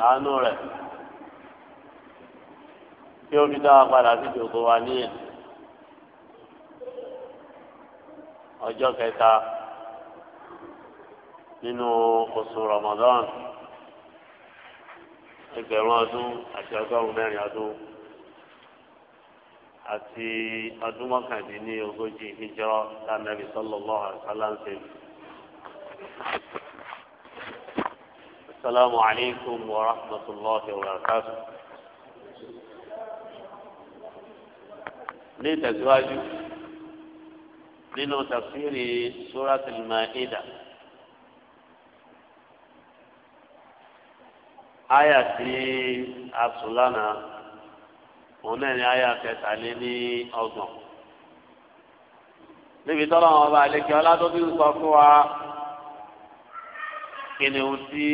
sàánú rẹ̀ tí ó fi dá wa padà sí ìjòkó wa níyẹn ọjọ kẹta nínú oṣù Ramadan ẹgbẹ̀rún ọdún àti ọgọ́rùn-ún mẹ́rin ọdún àti ọdún السلام عليكم ورحمة الله وبركاته لتزواج من تفسير سورة المائدة آية أبسلانة هنا آية تتعليني أظن نبي tọ́lọ́wọ́n ọba ولا ọlá tó kìnìún ohun tí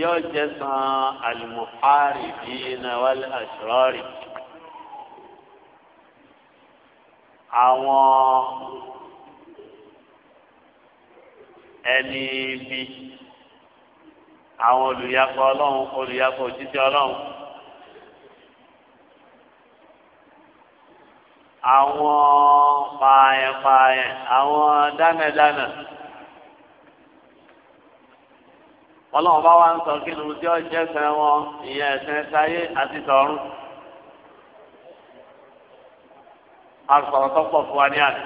yóò jẹ san alimuhari bíi nawal asrori àwọn ẹni bí àwọn olùyakọ ọlọ́run olùyakọ òjíṣẹ́ ọlọ́run àwọn pààyàn pààyàn àwọn dánadáná. ọlọ́run bá wá ń sọ kí lóun tí ó jẹ́ fẹ́ wọn ìyẹn ẹ̀sẹ̀ sáyé àti tọ̀run. a sọ̀rọ̀ tó pọ̀ fún wa ní àná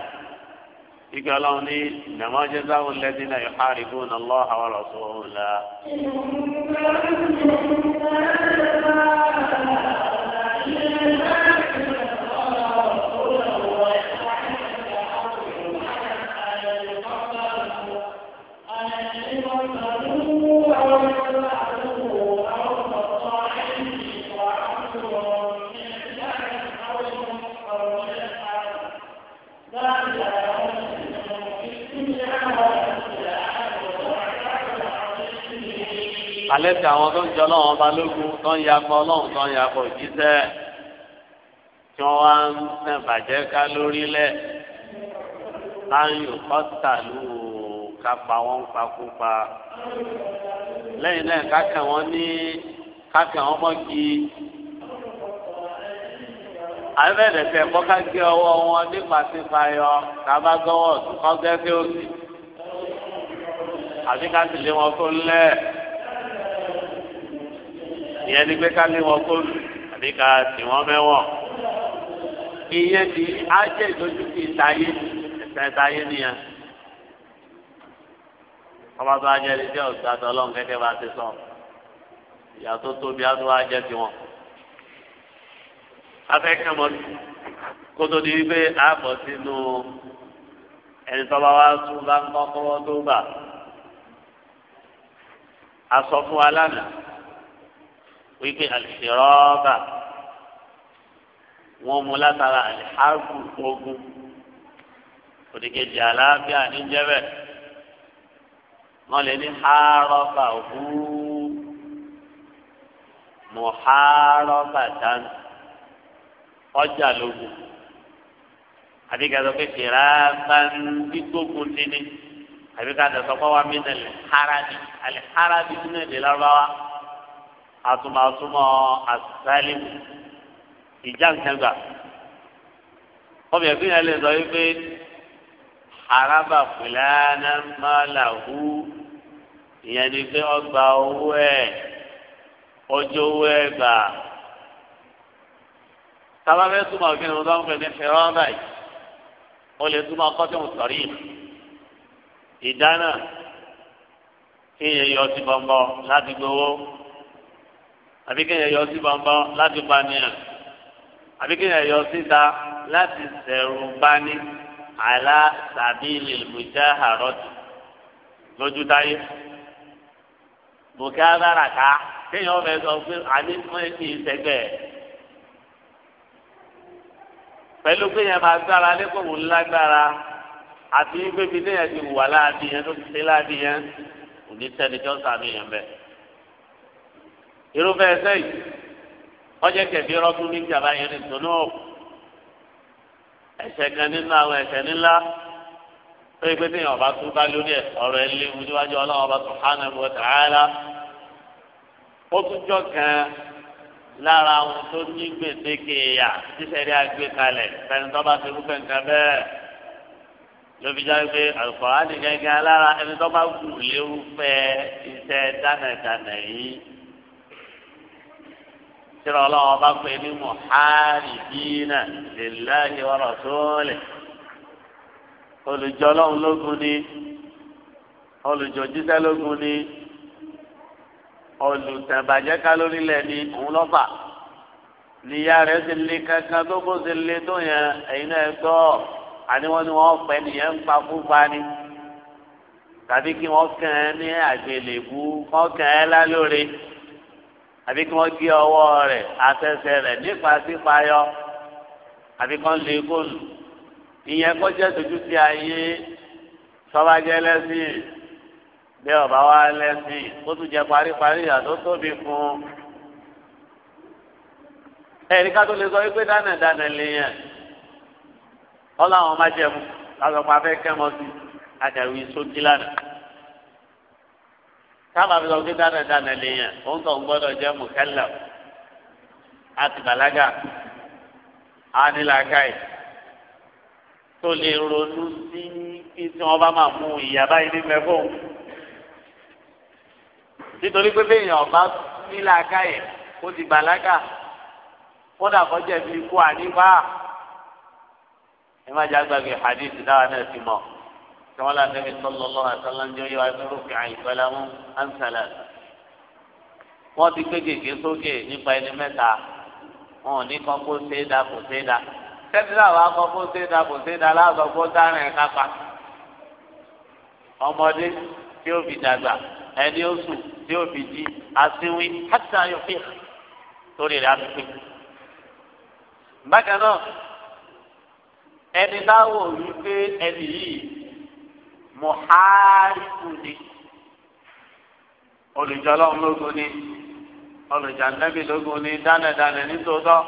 ike ọlọ́run ní ìdààmú ọjọ́ sáwọn lẹ́dí náà yóò hárí fún ọlọ́run àwọn ọ̀sọ́ òun là. alẹ́ tí àwọn tó ń jọ lọ́wọ́ ọba lógun tó ń yakọ lọ́hùn tó ń yakọ òjíṣẹ́ tí wọ́n wá ń tẹ̀ bàjẹ́ ká lórílẹ̀ láyò kọ́tà lù ká pa wọ́n pakúpa lẹ́yìn náà kákẹ́ wọn ní kákẹ́ wọn mọ́gi àbẹ̀rẹ̀ tẹ̀ kọ́ ká gé ọwọ́ wọn nípa sípa yọ kábà gọ́wọ́ kọ́ gẹ́gẹ́ òsì àti ká sì lé wọn tó lẹ́ẹ̀ ìyẹn ni pé ká lé wọn kóòlù àbí ká tì wọ́n mẹ́wọ̀n ìyẹn ti ajẹ́ ìdójú kí ìtayé ẹ̀sẹ̀ ìtayé nìyẹn ọba tó ajẹ́ ẹni tí ọ̀sán àti ọlọ́run kẹ́kẹ́ bá ti sọ ìyá tó tóbi á tó ajẹ́ tiwọn afẹ́kẹ́ mọ́ kótó di wípé a sínú ẹni tó bá wá sùn bá ń kọ́kọ́rọ́ tó gbà a fún wa lánàá wípé àlìṣirọ́ọ̀bà wọ́n mú látara àlìhárùkù ogun òdìkejì àlàáfíà níjẹ́bẹ̀ wọ́n lè ní hárọ́bà òkú mùhárọ́bà dánù ọjà lógun àbí ká sọ pé fìràbàn gbígbógun nínú àbí ká sọ pé wà mí nà lè harabi àlè harabi nínú èdè lọ́wọ́ àtúmọ̀túmọ̀ àsálìm ìjà nkẹ́gbà ọbẹ̀ ẹ̀gbìn yẹn lè sọ wípé haraba fúlànà mọ́làhù ìyẹn ni pé ọgbà owó ẹ̀ ọjọ́ owó ẹ̀ gbà sábàbẹ́ túmọ̀ kí ni mo dán pé ní fẹ́ràn báyìí o lè túmọ̀ kọ́tí mo sọ̀rí ìdáná kí yẹn yọ ọtí bọ̀m̀bọ̀ láti gbowó àbí kéèyàn yọ sí bọ́nbọ́n láti pànìyàn àbí kéèyàn yọ síta láti sẹ̀rù bani àlá tàbí lèlùmùjẹ́ àrọ́tì lójú táyé bùkẹ́ aláràká kéèyàn fẹ́ sọ pé àní fún èsì ìsẹ́gbẹ́ pẹ̀lú kéèyàn máa gbára lẹ́kọ̀ọ́ òun lágbára àti gbébi téèyàn ti wà láàbí yẹn tó ti ṣe láàbí yẹn òní sẹ́ni tó sàmì yẹn bẹ́ẹ̀ irúfẹ́ ẹsẹ̀ yìí ọjọ́ kẹ̀bí rọ́dún ní ìjàmbá yẹn ní tòun náà ẹsẹ̀ kan nínú àwọn ẹsẹ̀ ńlá tó yẹ pé téèyàn ọba tún bá lórí ẹ̀ ọ̀rọ̀ ẹ̀ léwu níwájú ọlọ́run ọba subhanahu wa ta'ala ó tún jọ kan lára àwọn tó ní gbèdéke ẹ̀yà tíṣẹ̀rí àgbékalẹ̀ fẹ́ni tó bá ti rúfẹ́ nǹkan bẹ́ẹ̀ lóbi jáde pé àlùkò ní gẹ́gẹ́ lára ẹni tó bá wù lérúfẹ́ iṣẹ́ dánadáná yìí tíra ọlọ́wọ́ bá pè ní muharibina lillahi wa rasulihi olùjọ ọlọ́run lógun ni olùjọ jíṣẹ́ lógun ni olùtẹ̀bàjẹ́ ká lórílẹ̀ ni òun lọ́fà níyà rẹ̀ ti lé kankan tó kó ti lé tó yẹn ẹ̀yin náà gbọ́ àní wọ́n wọ́n pẹ́ nìyẹn ń pa fúnpa ni tàbí kí wọ́n kàn án ní àgbélébú wọ́n kàn án lálórí àbí kí wọ́n gé ọwọ́ rẹ̀ àtẹsẹ̀ rẹ̀ nípa sípayọ àbí kí wọ́n lè góòlù ìyẹn kó jẹ́ dojú sí ayé sọ́bàjẹ́ lẹ́sìn bí ọba wa lẹ́sìn ó tún jẹ paríparí àtó tóbi fún un. ẹ̀rí ká tó lè sọ wípé dáná dáná lèèyàn ọlọ́run má jẹ̀mú lásọpọ̀ afẹ́kẹ́ mọ́ sí àtẹ̀wé sókí lánàá sábà fi sọ pé dánadáná lèèyàn òun tó ń gbọ́dọ̀ jẹ́ mùkẹ́lẹ̀ àti bàlágà ánilàkàì tó lè ronú sí kí tí wọ́n bá máa mú ìyá báyìí ní mẹ́fọ́ nítorí pé béèyàn ọba nílàkàì ó ti bàlágà kódà kọjá bíi ikú àníbá ẹ má jágbàgbé hadith dáhà náà ti mọ̀. كما لا النبي صلى الله عليه وسلم جو يوم رفع القلم عن ثلاث wọ́n ti gbé gègé sókè nípa ẹni mẹ́ta wọn ò ní kan kó ṣe é da kò ṣe é da sẹ́dílà wa kọ́ kó ṣe é da kò ṣe é da láàbọ̀ kó dárìn ẹ̀ kápá ọmọdé tí ó fi dàgbà ẹni ó sùn tí ó fi jí àtiwín hàtà yóò fi hàn torí rẹ̀ á fi pé. bákan náà ẹni náà wò wípé ẹni yìí mùhárìkù ni olùjọlọ́ lógun ni olùjàndẹ́bì lógun ni dánẹ̀dánẹ̀ nítòótọ́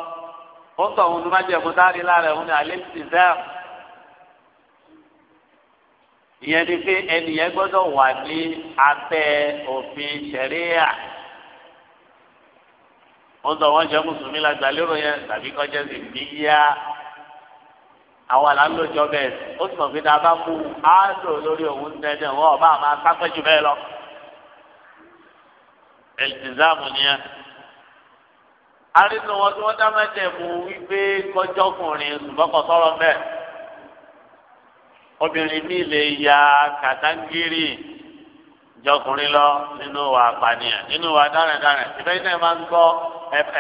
ó sọ ohun tó bá jẹ fún sáré lára òun ni àlẹ́sì zẹ́ẹ̀ ìyẹn ni pé ẹnìyẹn gbọ́dọ̀ wà ní abẹ́ òfin ṣẹ̀ríà ó sọ wọ́n jẹ́ mùsùlùmí la gbà lérò yẹn tàbí kọjá sí bíyà àwọn àlálòjọ bẹ́ẹ̀ ó sì mọ̀ pé tá a bá mú áàdùn lórí òun dẹ́dẹ́ wọn ọba àmà sápẹ́ jù bẹ́ẹ̀ lọ. ẹ̀lìtìzáàmù nìyẹn. arínú wọn tí wọ́n dá mẹ́tẹ̀ mú wípé kọjọ́kùnrin ṣùgbọ́kọ̀ sọ̀rọ̀ bẹ́ẹ̀. obìnrin mi lè ya kàtàngírì jọkùnrin lọ nínú wa pànìyàn nínú wa dárẹ̀dárẹ̀ ìfẹ́ iná ẹ máa ń gbọ́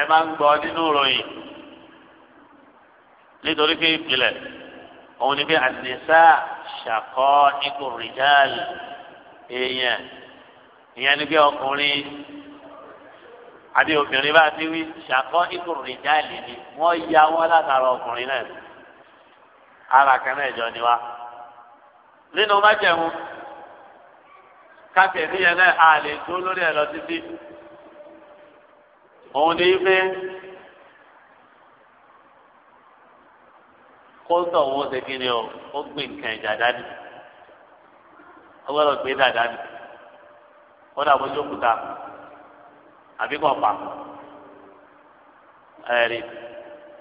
ẹ máa ń gbọ́ nínú ìròyìn nítorí pé ìpìlẹ̀ òun ni bí àdìsá ṣàkọ́ nípò rìjáàlì èèyàn ìyẹn ni bí ọkùnrin àbí obìnrin bá ti wí ṣàkọ́ nípò rìjáàlì ni wọ́n ya wọ́n látara ọkùnrin náà ara kan náà ni wa nínú májẹ̀mú káfíẹ̀ níyẹn náà a lè lórí ẹ̀ lọ títí òun ni ife. kóńtọ̀ wo ṣe kí ni o ó gbé nǹkan ìjà dání ó gbé dà dání ó dà bójú òkúta àbí kò pa ẹ̀rí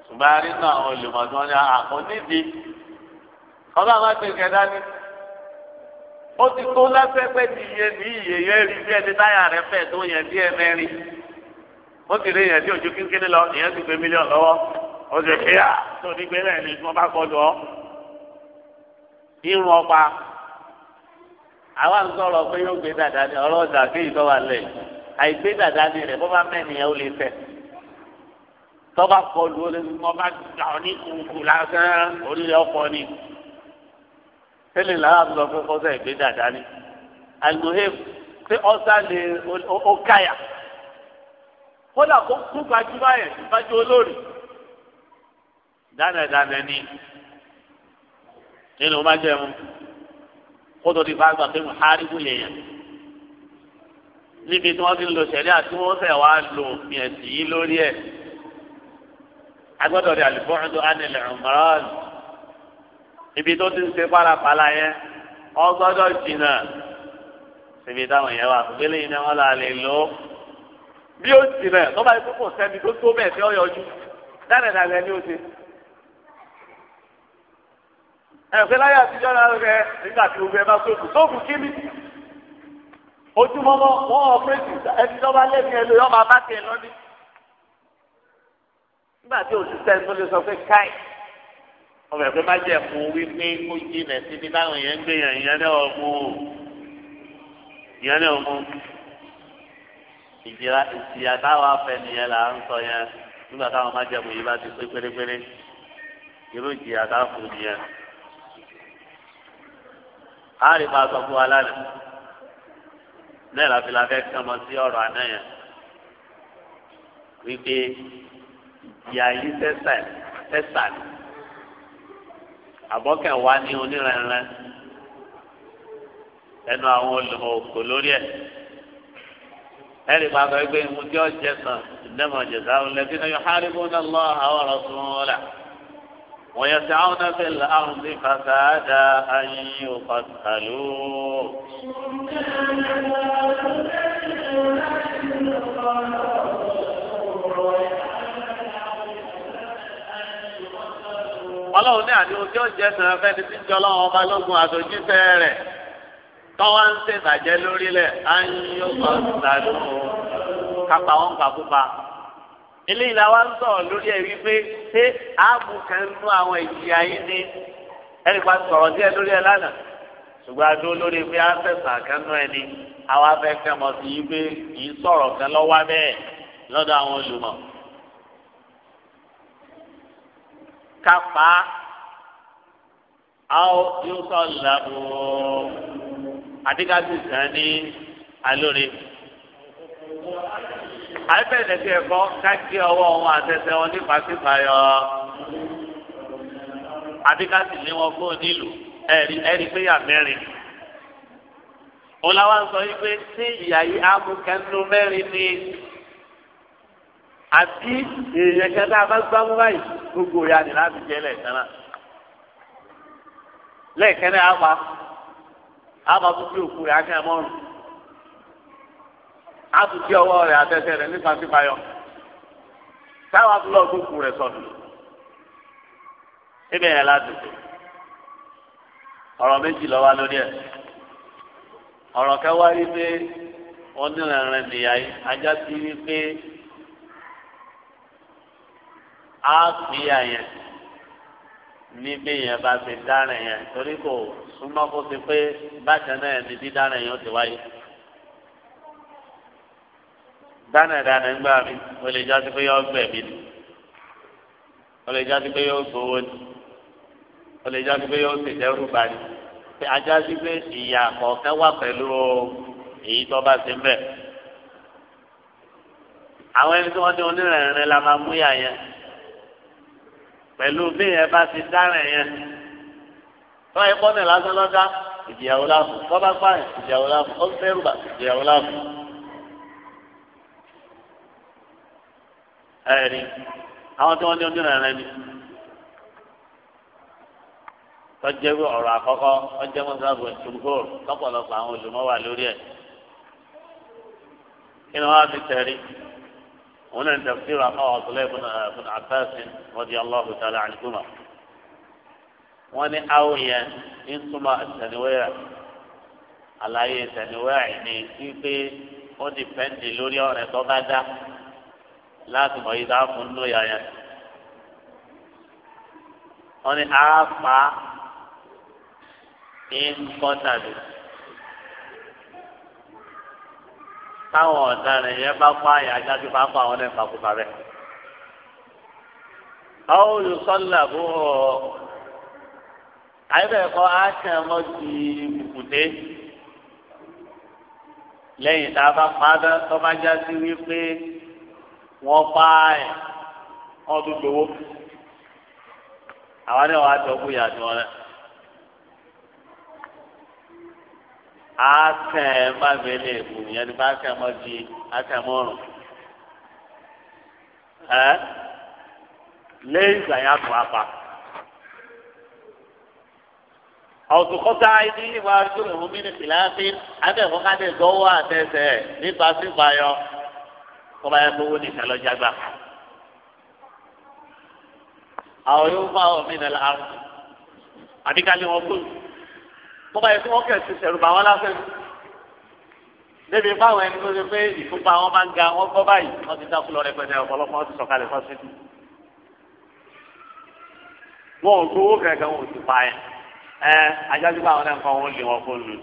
ṣùgbọ́n a rí náà àwọn olùmọ̀tò ní ọba àwọn àgbẹ̀ nǹkan dání ó ti tó ní yẹn rí bí ẹni táyà rẹ fẹ̀ tó yẹn bí ẹ mẹ́rin ó ti rí yẹn tí lọ ìyẹn ti gbé mílíọ̀nù lọ́wọ́. ọsẹ kíá tó ní gbé bẹ́ẹ̀ ni tí wọn bá irun ọpa àwa ń sọ̀rọ̀ pé yóò gbé dàda ni ọ̀rọ̀ ọjà kéyìí tó wà lẹ àìgbé dàda ni rẹ bó bá mẹnìyàn ó lè fẹ tọ́ba kọlu ó lè fi mọ́ gbà ọ́ ní kùkù lásán oríire ọkọ ni tẹ́lẹ̀ làwọn àti fẹ́ kọ́sẹ́ ìgbé dàda ni àlùhẹ́ pé ọ́sà lè ó káyà kódà kó kú gbajú báyẹn gbajú olórí dáadáa ní nínú májẹ̀mú kótó ti bá gbà pé muharibu lè yàn níbi tí wọ́n ti ń lo sẹ̀rí àti wọ́n fẹ́ wá lo ìyẹ̀sì yìí lórí ẹ̀ agbọ́dọ̀ di àlùfọ́ọ̀dù ánilẹ̀ ọ̀mọ́rán ibi tó ti ń ṣe pálapàla yẹn ọgbọ́dọ̀ jìnnà síbi táwọn yẹn wà gbélé yìí ni wọ́n là lè lò ó bí ó jìnnà tó bá yẹ kó kò sẹ́ni tó tó bẹ́ẹ̀ fẹ́ ọ̀yọ́jú dáadáa ni ó ti ẹ̀fẹ́ láyé àtijọ́ náà rẹ̀ nígbà tí o fẹ́ bá sóòkù sóòkù kí ni ojúmọ́mọ́ wọ́n ọ̀pẹ́sì ẹni tó bá lẹ́nu ẹ lóyún ọba bá tiẹ̀ lọ́ní. nígbà tí òṣìṣẹ́ tó lè sọ pé káì ọmọ ẹ̀fẹ́ má jẹ́ fún wípé kó jìnà síbi táwọn èèyàn ń gbé yàn ìyẹn náà mú ìyẹn náà mú ìjìyà ìjìyà táwọn afẹ́ nìyẹn là ń sọ yẹn nígbà táwọn má jẹ́ a lè máa sọ fún wa lánàá náà láti la fẹ́ kàn mọ́ sí ọ̀rọ̀ àná yẹn wípé ìyá yìí tẹ́sà tẹ́sà ni àbọ̀kẹ̀ wa ní onírẹ̀rẹ̀ ẹnu àwọn olùmọ̀ lórí ẹ̀ ẹ lè máa sọ pé mo jẹ́ ọ̀jẹ̀ sàn ìdẹ́mọ̀ ọ̀jẹ̀ sàn lẹ́sìn náà yóò hárí fún náà lọ́ọ́ àwọn ọ̀rọ̀ sùn wọn là. ويسعون في الأرض فسادا أن يقتلوا ọlọ́run ní àdéhùn tí ó jẹ́ sọ̀rọ̀ fẹ́ni tí ń jọ ọlọ́run ọba lógun àtòjíṣẹ́ rẹ̀ tọ́wọ́ ń ṣèbàjẹ́ lórílẹ̀ ayé yóò kọ́ ṣàdúró kápá wọn pàkópa eléyìí la wá ń sọ̀rọ̀ lórí ẹ̀ wípé ṣé ààbò kan nú àwọn ìjìyà yìí ni ẹnì kan sọ̀rọ̀ díẹ̀ lórí ẹ̀ lánàá ṣùgbọ́n adó lórí pé afẹ́sà kan nú ẹni àwa fẹ́ fẹ́ mọ̀ sí i pé kì í sọ̀rọ̀ kan lọ́wọ́ bẹ́ẹ̀ lọ́dọ̀ àwọn olùmọ̀. kápá àwọn yóò sọ làbò àdígájú kan ní alóore àìbẹ̀rẹ̀ sí ẹ̀kọ́ káàkiri ọwọ́ wọn àtẹsẹ̀ wọn nípa pípayọ àdíkàsí ni wọn kó nílùú ẹ̀rí ẹ̀rí pé yà mẹ́rin òun làwọn sọ yìí pé sí ìyá yìí amúkẹ́nu mẹ́rin ni àti èèyàn kẹta bá gbámú báyìí gbogbo ìyá ni láti jẹ lẹ́ẹ̀kan náà lẹ́ẹ̀kan náà á pa á pa tó fi òkú rẹ̀ á kẹ́ ẹ mọ́rùn-ún àtúntí ọwọ́ rẹ̀ àtẹsẹ̀ rẹ̀ nípa sípayọ táwọn abúlọ gbókù rẹ̀ sọdù níbẹ̀ yẹn láti tó ọ̀rọ̀ méjì lọ́wọ́ lórí ẹ̀ ọ̀rọ̀ kẹwàá yìí pé onírẹ̀rẹ̀ nìyá yìí ajá ti rí pé á fi àyẹ̀ níbi yẹn bá ti dárẹ̀ yẹn torí kò súnmọ́ kó ti pé bákan náà ní dídárẹ̀ yẹn ó ti wáyé dáná dáná ń gbà mí o lè jásí pé yọ gbẹ mí ni o lè jásí pé yọ gbowó ni o lè jásí pé yọ ṣèjẹrù bá ni pé ajásí pé ìyà kọ̀ọ̀kan wà pẹ̀lú èyí tó bá ṣe ń bẹ̀. àwọn ẹni tí wọ́n ní onírẹ̀rìn la máa mú yà yẹn pẹ̀lú bí yẹn bá ti dáná yẹn tó ẹ pọ́nẹ̀ lásán lọ́dá ìjìyàwó láàfù tó bá pààyàn ìjìyàwó láàfù ó fẹ́rù bá ìjìyàwó láàfù. ẹ̀rí àwọn tí wọ́n ní ojú rẹ̀ ni akọkọ ọ̀rọ̀ àkọ́kọ́ ọjọ́ mọ́sáàbù ṣùgbọ́n lọ́pọ̀lọpọ̀ àwọn olùmọ̀ wà lórí ẹ̀ kí ni wọ́n fi tẹ̀rí òun náà ń tafsir àfọwọ́ ọ̀tọ̀lẹ́ eh, ibn Abbas radiyallahu ta'ala anhuma wọ́n ní àwọn yẹn ń túmọ̀ ìtẹ̀niwẹ́rẹ̀ àlàyé ìtẹ̀niwẹ́rẹ̀ ni wípé ó dìpẹ́ǹdì lórí tó bá dá. láti mọ̀ yìí dáàbò ń lò yà yẹn. wọ́n ní àáfà ìńkọ́tàdì. táwọn ọ̀daràn yẹn bá pa àyà ajájú bá pa àwọn ẹ̀fà kúta rẹ̀. àwọn olùsọ́lá bó ọ̀ àyẹ̀bẹ̀kọ́ á kàn wọ́n di bùkùté lẹ́yìn tá a bá pa á tán tó bá já sí wípé. wọ́n pààyàn wọ́n tún gbowó àwọn kú wọn náà. akẹ́ ẹ̀ má gbélé èkó yẹn ni bá kẹ́ mọ́ di akẹ́ mọ́rùn. ẹ lẹ́yìn ìgbà yẹn àtọ̀ apá. ọ̀tùkọ́tà ẹni ìwà àdúrà ní ká nípa kó bá yẹ kó wọ́n nìkan lọ́jà gbà. àwọn yóò bá wọn mìíràn láàrú àbí ká lé wọn kó kó bá yẹ kó wọ́n kẹ̀ sí sẹ̀rù bá wọn lásán. débi báwọn ẹni tó ṣe pé ìfúnpá wọn máa ń ga wọn gbọ́ báyìí wọ́n ti dákú lọ rẹpẹtẹ ọ̀pọ̀lọpọ̀ wọn ti sọ̀kalẹ̀ fọ́sítì. wọn ò gbowó kẹ̀kẹ́ wọn ò ti pa ẹ ẹ ajájú báwọn náà kọ́ wọn lé wọn kó lù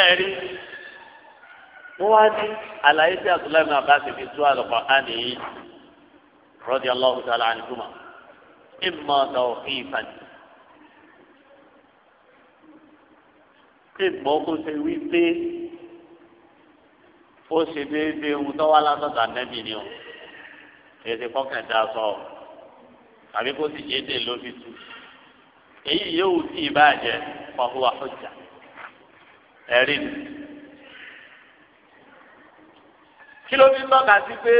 ẹ̀rí wọ́n wá ní àlàyé tí abdullahi bin abbas fi tú àlùkò àní yìí rọ́dí aláwọ̀ sálà àníkùmá ìmọ̀ tàwọ̀kì ìfàní. ìgbọ́ kó ṣe wí pé ó ṣe déédéé ohun tó wá látọ̀tà nẹ́bì ni o èsì kọ́kẹ̀dá sọ àbí kó sì yéé dè lóbi tu èyí yóò tì í bàjẹ́ pàhùwà ọjà ẹ̀rí ni. kí ló fi tọ́ka sí pé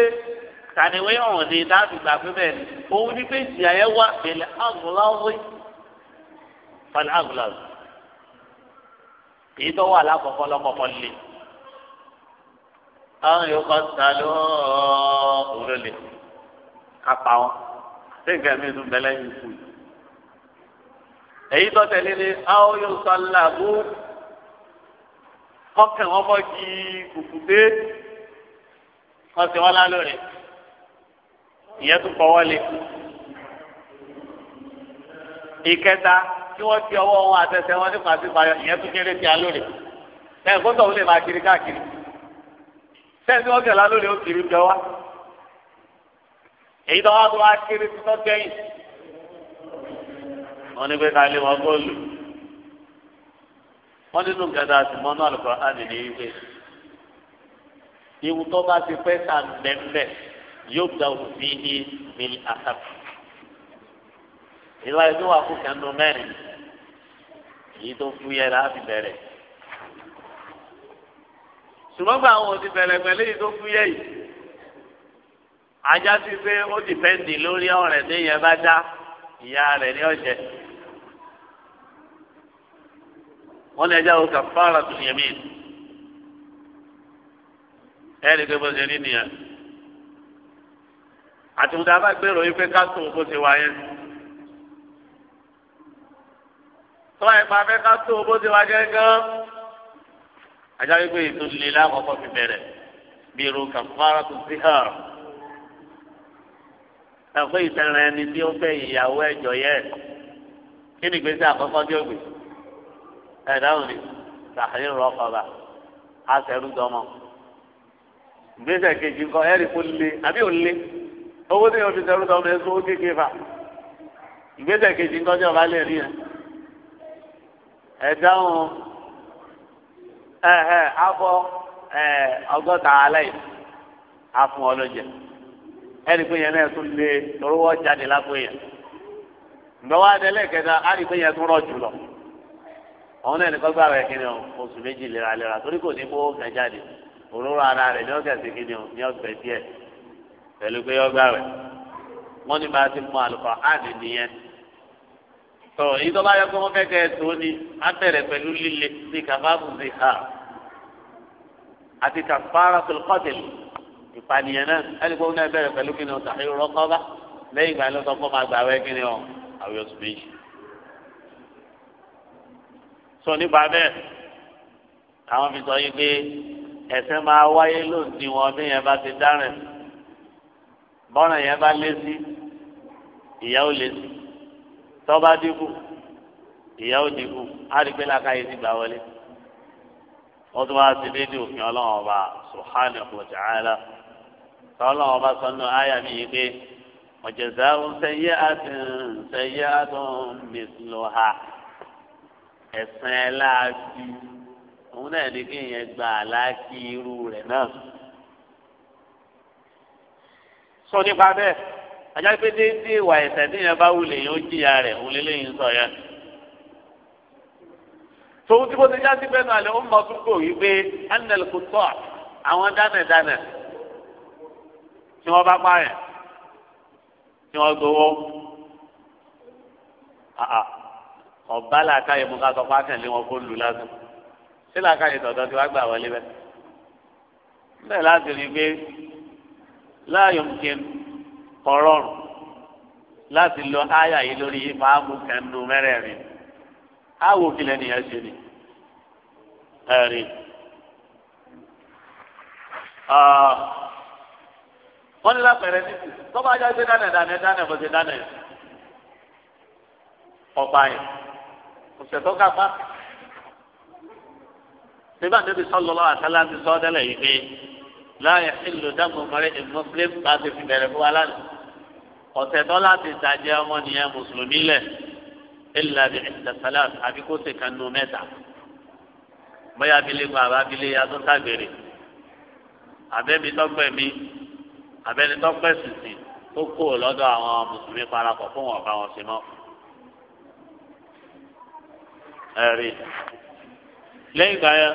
tàníwé ọ̀hún ni dáàbì gbà pé bẹ́ẹ̀ ni òun ní pé ìjìyà yẹn wà pẹ̀lẹ́ àgùláwé pẹ̀lẹ́ àgùláwé kì í tọ́ wà lákọ̀ọ́kọ́ lọ́kọ̀ọ́kọ́ lé àwọn yòókù ọ̀sán ló òwúrọ̀ lè kápá wọn ṣé mi tún bẹ́lẹ́ yìí kù èyí tọ́ tẹ̀lé ni àwọn yòókù ọ̀sán làbú kọkàn wọn bọ di kùkùté ọsẹ wọn lálọ rẹ ìyẹn tún fọwọ́ lé ìkẹta tí wọn ti ọwọ́ wọn àtẹsẹ̀ wọn nípa sípayọ ìyẹn tún kéré tí a lórí ẹ gbọ́dọ̀ wọlé máa kiri káàkiri sẹẹsì wọn kẹlá lórí ó kiri jọ wá èyí tó wá tó wá kiri tó kẹ́yìn wọn ní pé ká lé wọn góòlù wọ́n nínú gàdá àti mọ́nú Al-Qur'an ní ìwé ìwù tó bá ti pẹ́ sà mẹ́mẹ́ yóò gba òfin ní bíi àkàtà ìlà ìlú wa kú kẹ́nu mẹ́rin èyí tó fú yẹ láti bẹ̀rẹ̀ ṣùgbọ́n gba àwọn òsì bẹ̀rẹ̀ pẹ̀lú èyí tó fú yẹ yìí ajá ti pé ó dìpẹ́ǹdì lórí ọ̀rẹ́ téèyàn bá dá ìyá rẹ̀ ní ọ̀jẹ̀. wọ́n ní ẹjọ́ kàfàrà tó yẹmí ẹ̀rí pé bó ṣe rí nìyẹn àtúntà bá gbèrò yìí pé ká tó bó ṣe wáyé tọ́lá ìpa fẹ́ ká tó bó ṣe wáyé gan ajá wípé ètò líle lákòókò fi bẹ̀rẹ̀ bí irú kàfàrà tó ti hàn ẹ̀fọ́ ìtẹ̀rẹ̀ ẹni tí ó fẹ́ ìyàwó ẹ̀jọ̀ yẹ kí ni ìgbésẹ̀ àkọ́kọ́ tí ó gbèsè. ẹ̀dáhùn ni tàhírí rọ́kọ̀bà aṣẹ́rúdọ́mọ. ìgbésẹ̀ kejì kan ẹ̀rí kò le àbí ò le owó tí yóò fi ṣẹ́rúdọ́mọ ẹ̀ sọ́wọ́ fà. ìgbésẹ̀ kejì tí ọba lè rí yẹn. ẹ̀dáhùn ẹ̀hẹ̀ afọ ọgọ́ta aláì afún ọlọ́jẹ ẹ̀rí pé yẹn náà tún lé jáde lápò yẹn. ìgbọ́wọ́ rí yẹn tún rọ̀ jùlọ. àwọn náà nìkan gbà rẹ̀ kíni o oṣù méjì léraléra torí kò ní gbówó kan jáde òróró ara rẹ̀ ní ọ̀sẹ̀ sí kíni o ní ọ̀sẹ̀ díẹ̀ pẹ̀lú pé ọgbà rẹ̀ wọ́n ní máa ti mú àlùkò áàdì nìyẹn tọ èyí tó bá yẹ kó wọn fẹ́ kẹ ẹ tó ni á bẹ̀rẹ̀ pẹ̀lú líle ní kàfáàbù sí ha àti kàfáàrà tòlùkọ́tìlì ìpànìyàn náà ẹni pé wọn náà bẹ̀rẹ̀ pẹ̀lú kíni o tàbí rọ́kọ́ bá lẹ́yìn ìgbà ló sọ fún ọmọ àgbà wẹ́ kíni o àwọn oṣù méjì sọ nípa bẹ́ẹ̀ àwọn fi sọ yìí pé ẹ̀ṣẹ̀ máa wáyé lòdì wọn bí yẹn bá ti dáràn bọ́ràn yẹn bá lé sí ìyá ó lé sí tó bá dínkù ìyá ó dínkù àdìgbé làkàyè ti gbà wọlé wọ́n tún wá sí déédéé òfin ọlọ́run ọba subhanahu wa ta'ala tọ́lọ́ ọba sọ́nù àyà mi yìí pé ọ̀jẹ̀sà ń sẹ́yẹ́ àtún sẹ́yẹ́ àtún mìsìlò ẹ̀sán ẹ láàbí òun náà ní kí èèyàn gba àlákì irú rẹ̀ náà. sọ nípa bẹ́ẹ̀ ajá pé déédéé ìwà ẹ̀ṣẹ̀ tí yẹn bá wulẹ̀ yẹn ó jìyà rẹ̀ òun lélẹ́yìn sọ yẹn. tòun tí mo ti já sí bẹ́ẹ̀ náà lè ó mọ tó wípé anel kò tọ̀ àwọn dánẹ̀dánẹ̀ tí wọ́n bá pààyàn tí wọ́n gbowó ọba làákàyè mú ká sọ pé akẹ́lẹ́ wọn kó lù lásán ṣé làákàyè tọ̀dọ̀ tí wàá gbà wọlé bẹ́ẹ̀ bẹ́ẹ̀ láti rí i pé láàyò nkin kọ̀rọ̀rùn láti lọ áyà yìí lórí ìfàámu kẹnu mẹ́rẹ̀ẹ̀rin áwò kílẹ̀ nìyẹn ṣe ni ẹ̀rí wọ́n ní lápẹ̀rẹ̀ ní tọ́ba ajá ṣe dáná dáná dáná bó ṣe dáná ọ̀pá yẹn ọ̀sẹ̀ tó kápá síbà níbi sọlọ́lọ́ àtàlà ti sọ ọ́dẹ́lẹ̀ yìí pé láàyè ìlú dágùn mọ́rẹ́ ìmọ̀sílẹ́mù bá ti fi bẹ̀rẹ̀ fún wa lánàá ọ̀sẹ̀ tó láti ìtajà ọmọ nìyẹn mùsùlùmí lẹ̀ ìlà bí ìtẹ̀sálàm àbí kó sì kan mẹ́ta bóyá abilé gba àbá abilé yàtọ̀ ságbèrè abẹ́mi tọ́gbẹ̀mí abẹ́ni tọ́gbẹ̀sìsì tó kó lọ́dọ̀ àwọn mùsùlùmí parapọ̀ fún wọn ọ̀bá wọn sí mọ́ ẹ̀rí lẹ́yìn ìgbà yẹn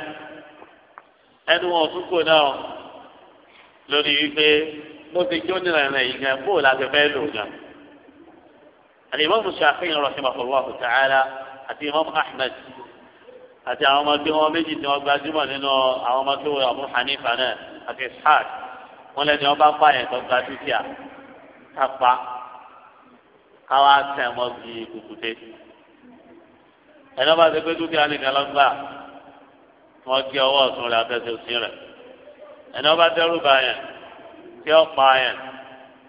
ẹnu wọn tún kò náà lórí wípé bó ti jó nira ẹ̀rẹ̀ yìí gan bó la ti fẹ́ lò gan. àti Imam Shafi'i rahimahullahu ta'ala àti Imam Ahmad àti àwọn ọmọ tí wọn méjì tí wọn gbajúmọ̀ nínú àwọn ọmọ tó Abu Hanifa náà àti Ishaq wọn lẹni wọn bá pààyàn tó gba dúkìá kápá káwá tẹ̀ wọn bí kùkùté ẹni wọn bá ti pé dúkìá nìkan lọ gbà wọn gé ọwọ́ ọ̀tún rẹ̀ àtẹsẹ̀ òsì rẹ̀ ẹni wọn bá dẹ́rù bá yẹn tí ó pa yẹn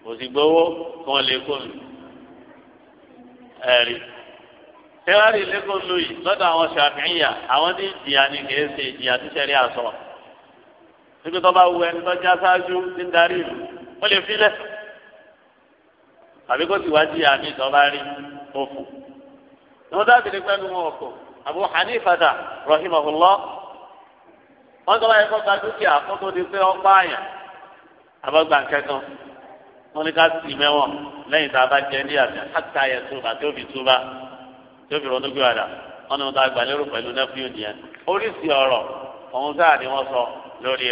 kò sì gbowó kí wọn lè kó mi ẹ̀rí tẹwárì lóyè lọ́dọ̀ àwọn ṣàfihàn àwọn tí ìjìyà ni kì í ṣe ìjìyà tí sẹrí àṣọ níbi tó bá wu ẹni tó já sáájú ní darí ìlú wọn lè filẹ̀ àbí kó sì wá ní ìtọ́ bá lọ́wọ́ dábìí ní pẹ́ẹ́nu wọn Abu Hanifata rahimahullah wọ́n tọ́ báyìí kọ́ka dúkìá kó tó di pé ọgbà àyàn abọ́gbà kẹ́kọ̀ọ́ wọ́n ní ká tá a bá jẹ ní àti àtà yẹn túba tí ó fi túba tí ó fi ronú gbé wàdà tá a gbà lérò pẹ̀lú nìyẹn oríṣi ọ̀rọ̀ ọ̀hún sáà ni wọ́n sọ lórí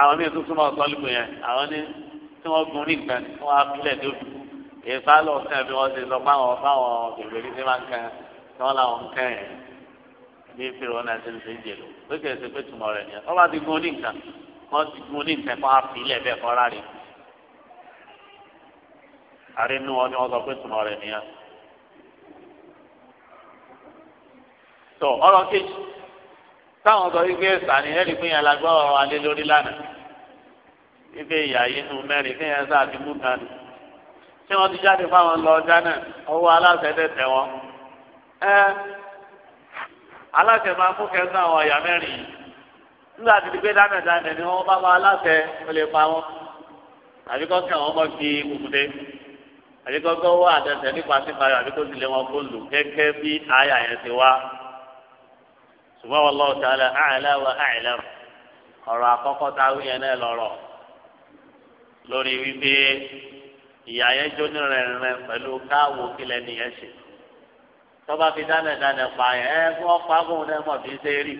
àwọn míì tó súnmọ́ sọ́lùkù yẹn àwọn ní tí wọ́n gun ní nǹkan tí wọ́n á fílẹ̀ tó dùn èyí bá lọ sẹ́yìn bí wọ́n ti sọ fáwọn fáwọn bèbèrè tí wọ́n kàn tí wọ́n làwọn kàn yẹn bí fèrè wọn náà ti ń ṣe ń jèlò pé kìí ṣe pé tùmọ̀ rẹ̀ nìyẹn wọ́n bá ti gun ní nǹkan wọ́n ti gun ní nǹkan kó á fílẹ̀ bẹ́ẹ̀ kọ́ rárẹ̀ àrí nínú wọn ni wọ́n sọ pé tùmọ̀ rẹ̀ nìyẹn. tó ọ̀rọ̀ táwọn sọ wípé sàní ẹ̀rí pé yẹn lágbọ́ ọ̀rọ̀ alẹ́ lórí lánàá wípé ìyá yìí nu mẹ́rin pé yẹn sá àti mú kan ní. tí wọ́n ti jáde fáwọn lọ ọjà náà owó aláṣẹ tẹ̀tẹ̀ wọn. ẹ aláṣẹ máa mú kẹsàn-án àwọn ọ̀yà mẹ́rin yìí nígbà tí pípé dáná dáná ni wọ́n bá bá aláṣẹ ó lè pa wọn. àbí kọ́ kẹ́ wọn mọ́ fi kùkùté àbí kọ́ kọ́ wọ́ àtẹ̀tẹ̀ nípa sípayọ̀ àbí kó ṣùgbọ́n wallahu ta'ala a'la wa a'lam ọ̀rọ̀ àkọ́kọ́ tá a wí yẹn náà lọ́rọ̀ lórí wípé ìyá yẹn jó ní rẹ̀rẹ̀ pẹ̀lú káwo kílẹ̀ nìyẹn ṣe tọ́ba fi dáná dáná pa yẹn ẹ kí wọ́n pa bóun náà mọ̀ fi ṣe rí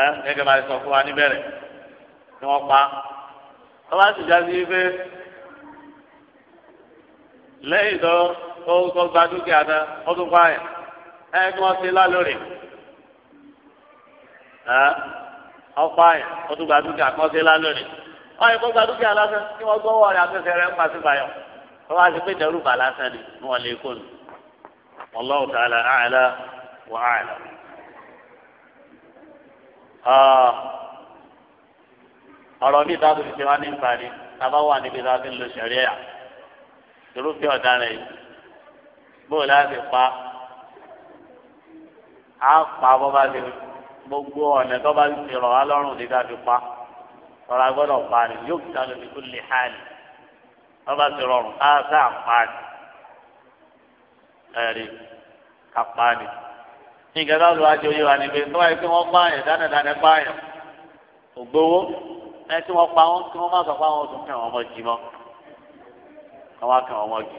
ẹ gẹ́gẹ́ bá sọ fún wa níbẹ̀rẹ̀ kí wọ́n pa tọ́ba sì já sí pé lẹ́yìn tó tó gba náà ó tún pa yẹn ẹ kí wọ́n ṣe lálórí ọ̀pá yẹn ó tún gba kan sí lálónì ọ̀yìn kó gba dúkìá lásán kí wọ́n gbọ́wọ́ rẹ̀ afẹ́fẹ́ rẹ̀ ń pa síbáyọ̀ wọ́n wá sí pé dẹ́rùbà lásán ni wọ́n lè kó nù wallahu ta'ala a'la wa a'la. ọ̀rọ̀ bíi táàbù ti ṣe wá ní ìparí tábà wà níbi táàbù ń lo ṣẹ̀ríà irúfẹ́ ọ̀daràn yìí bóòlù á fi pa á pa bọ́ bá ti rí gbogbo ọ̀nà tó bá ń fi rọ̀ wá lọ́rùn ní ká fi pa ọ̀rọ̀ agbọ́dọ̀ pa ni yóò fi sáré ní kó lè hà ní tó bá ti rọrùn á sáà pa ni ẹ̀rí ká pa ni. nígbà tó lọ́wọ́ ajé oyè wa ni pé tó wáyé pé wọ́n pa àyàn dánadáná pa àyàn ògbówó ẹ tí wọ́n pa wọ́n kí wọ́n má sọ pé àwọn òtún kẹwọn ọmọ jì mọ́ àwọn akẹwọn ọmọ jì.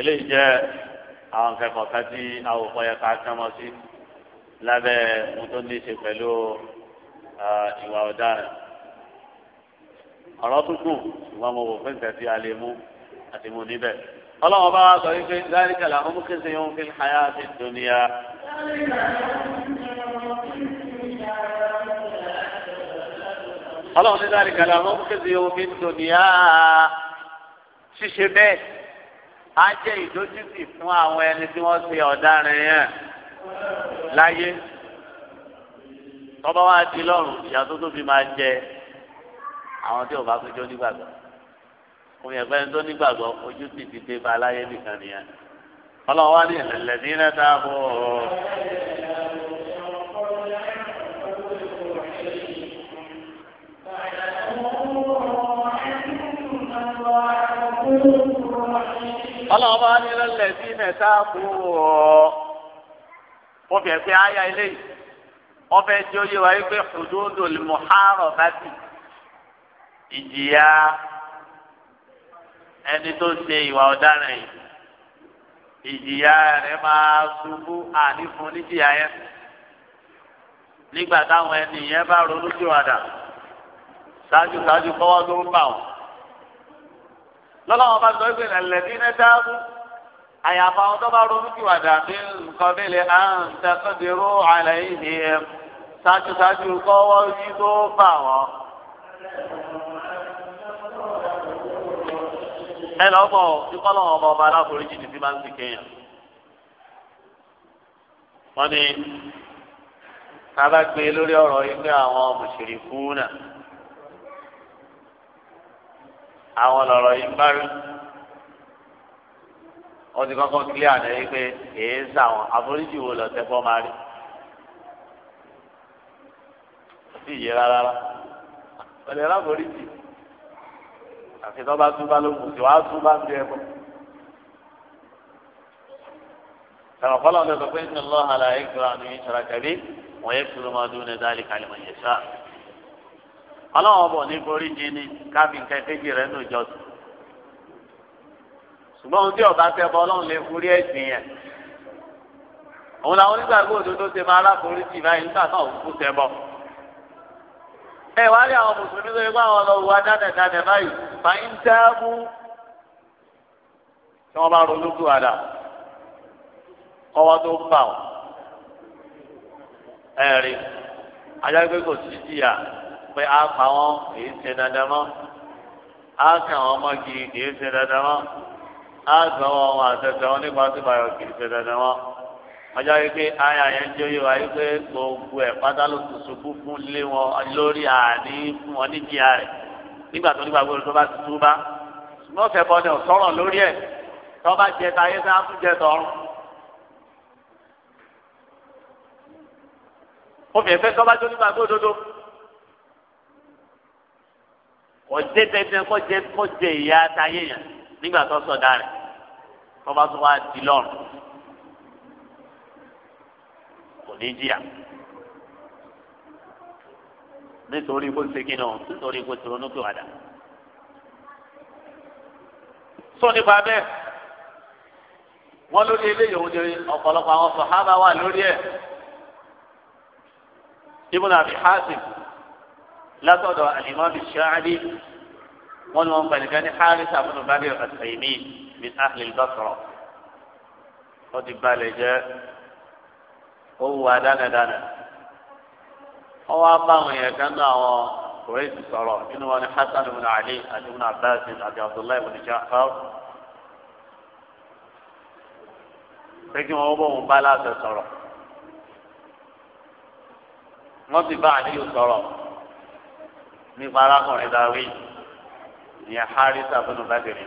eléyìí jẹ́ àwọn kẹ́kọ̀ọ́ kan tí yẹ ká kẹ́ sí lábẹ́ ohun tó ní í ṣe pẹ̀lú ìwà ọ̀daràn ọ̀rọ̀ tuntun ṣùgbọ́n mo wò fún ìtẹ̀ tí a lè mú àti mú níbẹ̀. ọlọ́run bá wa sọ wípé láti kàlà ó mú kí n ṣe yóò fi àyà àti dùnìyà. ọlọ́run ní láti kàlà ó mú kí n ṣe yóò fi dùnìyà ṣíṣe bẹ́ẹ̀ á jẹ́ ìdójútì fún àwọn ẹni tí wọ́n ṣe ọ̀daràn yẹn láyé tọ́ba wa di lọ́rùn ìyá tó tóbi máa jẹ àwọn tí ò bá péjọ nígbàgbọ́ òun yẹn fẹ́ni tó nígbàgbọ́ ojú sì ti dé bá láyé nìkan nìyẹn ọlọ́wọ́ wa ní ẹ̀lẹ́dín náà tá bọ̀ ọ́. ọlọ́wọ́ wa ní ẹ̀lẹ́dín náà tá bọ̀ ọ́ wọ́n fi ẹ̀fẹ́ àyà eléyìí wọ́n fẹ́ tí ó yé wa wípé òdòdó lè mọ̀ hárọ̀ bá ti ìjìyà ẹni tó ṣe ìwà ọ̀daràn yìí ìjìyà rẹ̀ máa ṣubú ànífun níjìyà yẹn nígbà táwọn ẹni yẹn bá ronú síwádà ṣáájú ṣáájú kọ́wọ́ tó ń bà wọ́n lọ́lọ́wọ́n bá sọ pé ẹ̀lẹ́dínlẹ́dáàbù. àyàfà àwọn tó bá ronú kí wàdà bí nǹkan bẹ́lẹ̀ à ń tẹ́kọ̀dérò àlẹ́ ìdí ẹ̀ ṣáájúṣáájú kọ́wọ́ yí tó bà wọ́n. ẹ lọ bọ̀ ìkọlọ̀ ọmọ ọba aláforíjì ní ti máa ń sì kéèyàn. wọ́n ní tábà gbé e lórí yìí pé àwọn mùsùlùmí fún náà àwọn yìí ń wọ́n ti kọ́kọ́ kílẹ̀ àná yìí pé èyí ń sàwọn àforíjì wo lọ́tẹ́ fọ́ máa rí sí ìyẹ rárá ọ̀lẹ́ láforíjì àfi tó bá túbá ló kù sí wàá túbá ń bí ẹ bọ́. sọ̀rọ̀ fọlọ́ ọ̀dọ́ pé ní lọ́ọ́ àlà ẹ̀kúrà ní ìṣọ̀rọ̀ kẹ́bí wọ́n yẹ kúrò máa dún ní dáàlì kalẹ̀ mọ̀ yẹ sáà. ọlọ́wọ́n bọ̀ ní foríjì ni káfíńkẹ́ kéjì rẹ̀ ní ìjọsìn ṣùgbọ́n ohun tí ọba fẹ́ bọ́ ọlọ́run lè forí ẹ̀sìn yẹn òun làwọn onígbàgbọ́ òdodo ṣe máa aláforí sí báyìí nígbà náà òun kú sẹ́bọ̀ ẹ wá rí àwọn mùsùlùmí lórí pé àwọn ọlọ́wọ́ adánẹ̀dánẹ̀ báyìí máa ń dáàbò tí wọ́n bá ronú kú àdá ọwọ́ tó ń bà wọ́n ẹ̀rí adágbé kò sí jìyà pé a pa wọn kì í ṣe dandan mọ́ a kà wọn mọ́ kì í ṣe dandan mọ́ á sàn wọn wọn àtẹ̀sẹ̀ wọn nípa tó bá yọ kìí ṣe dandan wọn. ọjọ́ yìí pé aya yẹn jó yìí wá yìí pé gbogbo ẹ̀ pátá ló ṣùkú fún lé wọn lórí àní fún wọn ní jìyà rẹ̀ nígbà tó nígbà gbogbo tó bá ti túbá. ṣùgbọ́n fẹ́ bọ́ ni ọ̀sọ́rọ̀ lórí ẹ̀ tó bá jẹ táyé sáà fún jẹ tọrùn. obìnrin fẹ́ tó bá jó nígbà gbódodo ọjẹ tẹtẹ kọjẹ kọjẹ ìyá nígbà tó sọdá rẹ̀ tọba tó wá di lọ́rùn kò ní jìyà nítorí kó ṣe kíni o nítorí kó ṣe ronú pèwàdà. sọ nípa bẹ́ẹ̀ wọ́n lórí eléyìí òun ni ọ̀pọ̀lọpọ̀ àwọn sọ̀hábà wà lórí ẹ̀. ibùdó àbí hasim látọ̀dọ̀ àlìmọ́ bíi ṣáàdì wọn ni wọn gbà nìkan ní haris abunu badir asayimi min ahlil basra wọn ti balẹ̀ jẹ́ ó wà dánadáná wọn wá bá àwọn yẹn kan náà wọn kùrẹ́sì sọ̀rọ̀ nínú wọn ni hasan ibn ali àti ibn abbas àti abdullahi ibn jafar pé wọn bọ̀ wọn bá láti sọ̀rọ̀ wọn ti bá àdéhùn sọ̀rọ̀ nípa arákùnrin dáwé yìí ìyẹn harisa bínú bàdìrì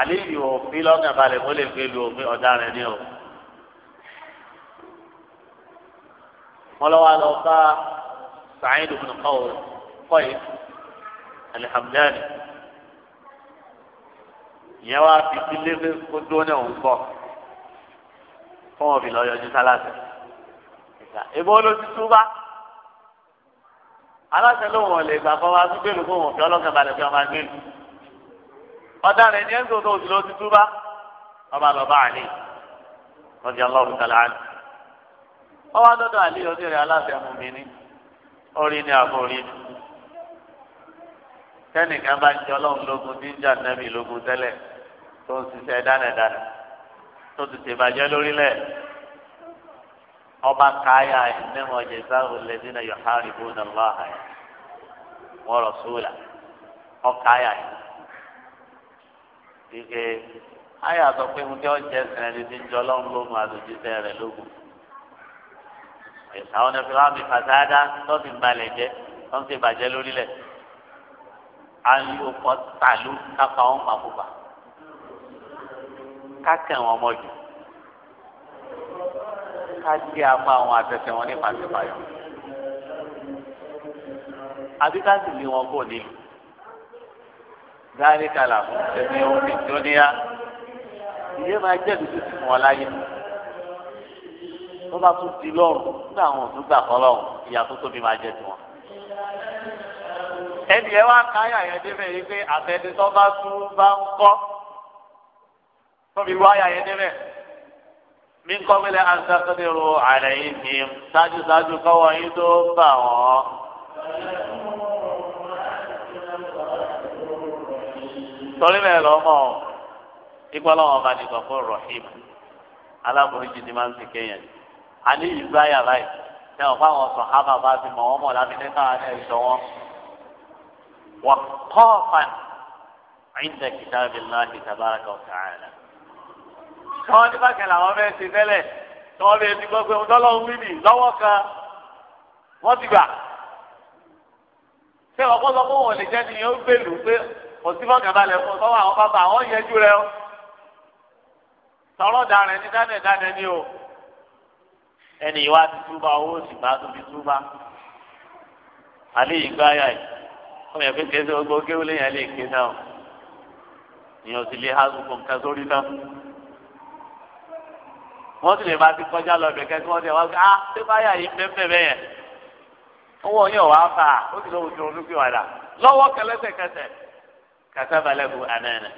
aliyu òfin lọ́kàn balẹ̀ kó lè gbé lu òfin ọ̀daràn ni o wọn lọ wá lọ bá sàáyìn bínú kọ́wọ́ kọ́yì alihamudani ìyẹn wá fi sílé kó dúró náà ń bọ̀ fún òfin lọ́yọ̀jú sálásẹ̀ ìgbà ìbọn ló ti túbá aláṣẹ ló wọn lè gbà fọwọ́ asúgbèlú fún òun fi ọlọ́kàn balẹ̀ fi ọmọ agbèlú ọ̀daràn ẹni ẹ̀ńtò tó òsìlò ti túbá ọba lọ́ba àlè lọ́dí ọlọ́run tẹ̀lé àlè ọwọ́ dọ́dọ̀ àlè ọdí rẹ̀ aláṣẹ mú mi ní orí ni àforí ni tẹ́nìkan bá ń jẹ ọlọ́run lógun tí ń jà nẹ́bì tẹ́lẹ̀ tó ń ṣiṣẹ́ dánẹ̀dánẹ̀ tó ti tèbàjẹ́ lórílẹ̀ ọba kaaya ẹnẹmọ jẹsàrò lẹdínà yọhárì bó na lọhà ẹ wọn rọ sóòlà ọkaaya ẹ ike ayà sọ pé mo jẹ ọjẹ sẹn ẹni tí ń jọ lọhùn lóhùn àdójútẹ rẹ lógun àwọn ẹnìfìlà mi fàtàdá lọ́sìn balẹ̀ jẹ wọ́n bàjẹ́ lórílẹ̀ ayọ̀kọ̀ tàlú kápá wọn pàkópa kákẹ́ wọn mọ̀jù ká gé apá àwọn àtẹsẹ̀ wọn ní pàṣípààyàn àbí ká sì lé wọn bò nílùú dáhìí kàlà fún ẹ̀mí omi tó níyà ìyẹn máa jẹ́ ìdúró sí wọn láyé tó bá tún di lọ́rùn nígbà àwọn òtún gbà kọ́ lọ́rùn ìyá tó tóbi máa jẹ tiwọn. ẹnì ẹ wá káyà yẹn débẹ̀ yìí pé àtẹnitọ́ bá tún bá ń kọ́ tóbi wáyà yẹn débẹ̀ mí kọ́ mílẹ̀ ansákẹ́dẹ́rù àlẹ́ yìí ni ṣáájú ṣáájú kọ́wọ́ yín tó bà wọ́n. torí bẹ́ẹ̀ lọ́mọ ìgbọ́lọ́ wọn bá nìkan fún rahim aláboríjì ni máa ń sèké yẹn àní ìgbáyà báyìí ṣe ọ̀pá àwọn sọ̀hábà bá ti mọ̀ wọ́n mọ̀ láti ní káwọn ẹ̀ sọ wọn. wọ́n kọ́ ọ̀fà عند كتاب الله تبارك وتعالى tọ́wọ́ ní bàkẹ́ làwọn fẹ́ ṣe tẹ́lẹ̀ tọ́wọ́ bẹ ti gbọ́ pé ń tọ́lọ́ ń lọ́wọ́ kan wọ́n ti gbà. ṣé ọkọ sọ pé wọn lè jẹ́ ni yóò gbèlú pé kò sí fọ́ọ̀kẹ́ balẹ̀ fún tọ́wọ́ àwọn bàbá àwọn yẹjú rẹ o. tọ́rọ̀ darẹ̀ ní dáadẹ́ dáadẹ́ ni o. ẹnì wa ti túbà owó sì bá tó fi túbà. àlẹ́ gbá yà yìí wọ́n yẹn lè ké wọ́n sì lè máa ti kọjá lọ bẹ̀kẹ́ kí wọ́n ti wá gbé ah ṣé báyà yìí pẹ́ẹ́pẹ́ bẹ́yẹn owó yẹn wàá fà á ó sì lọ́wọ́ ju olúkú wàdà lọ́wọ́ kẹlẹ́sẹ̀kẹsẹ̀ kàtàbàlẹ́kù ànẹ́ẹ̀nẹ́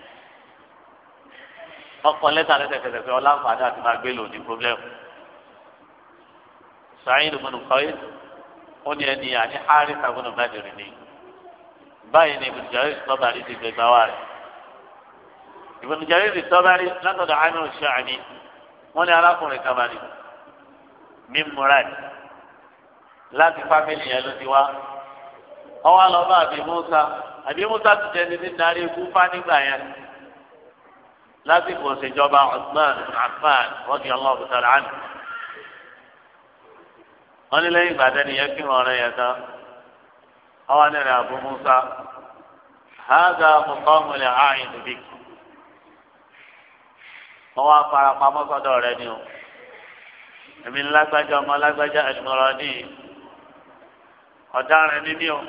ọkọ̀ lẹ́tà lẹ́sẹ̀kẹsẹ̀ pé ọláǹfààní àti máa gbé lò ní pọ́blẹ́mù sàáyìn lùmọ̀nù kọ́yé ó ní ẹni àní hárí sàgbọ́nù bàjẹ́rì ni báyìí ni ìbùdókòwò sọ́bàrí ti gbẹgbà wà rẹ̀ ìbùdókòwò sọ́bàrí látọ̀dọ̀ àmì òṣù àní wọ́n ní arákùnrin kan bá ní mímúrad láti fámìlì yẹn ló ti wá ọwọ́ lọ bá àbí musa àbí musa ti jẹ́ ní darí kúfà nígbà yẹn lásìkò ìṣèjọba Usman Affan radiyallahu ta'ala anhu wọ́n ní lẹ́yìn ìgbà tẹ́ni yẹn kí wọ́n rẹ̀ yẹn tán ọwọ́ nílẹ̀ àbú musa hàdà mọ̀kànmọ́lẹ̀ ààyè níbí kí wọn wá fara pamọ́ sọ́dọ̀ rẹ ni o èmi ńlágbájá ọmọ lágbájá ẹnìmọ̀rọ̀ ní ọ̀daràn ni. mí o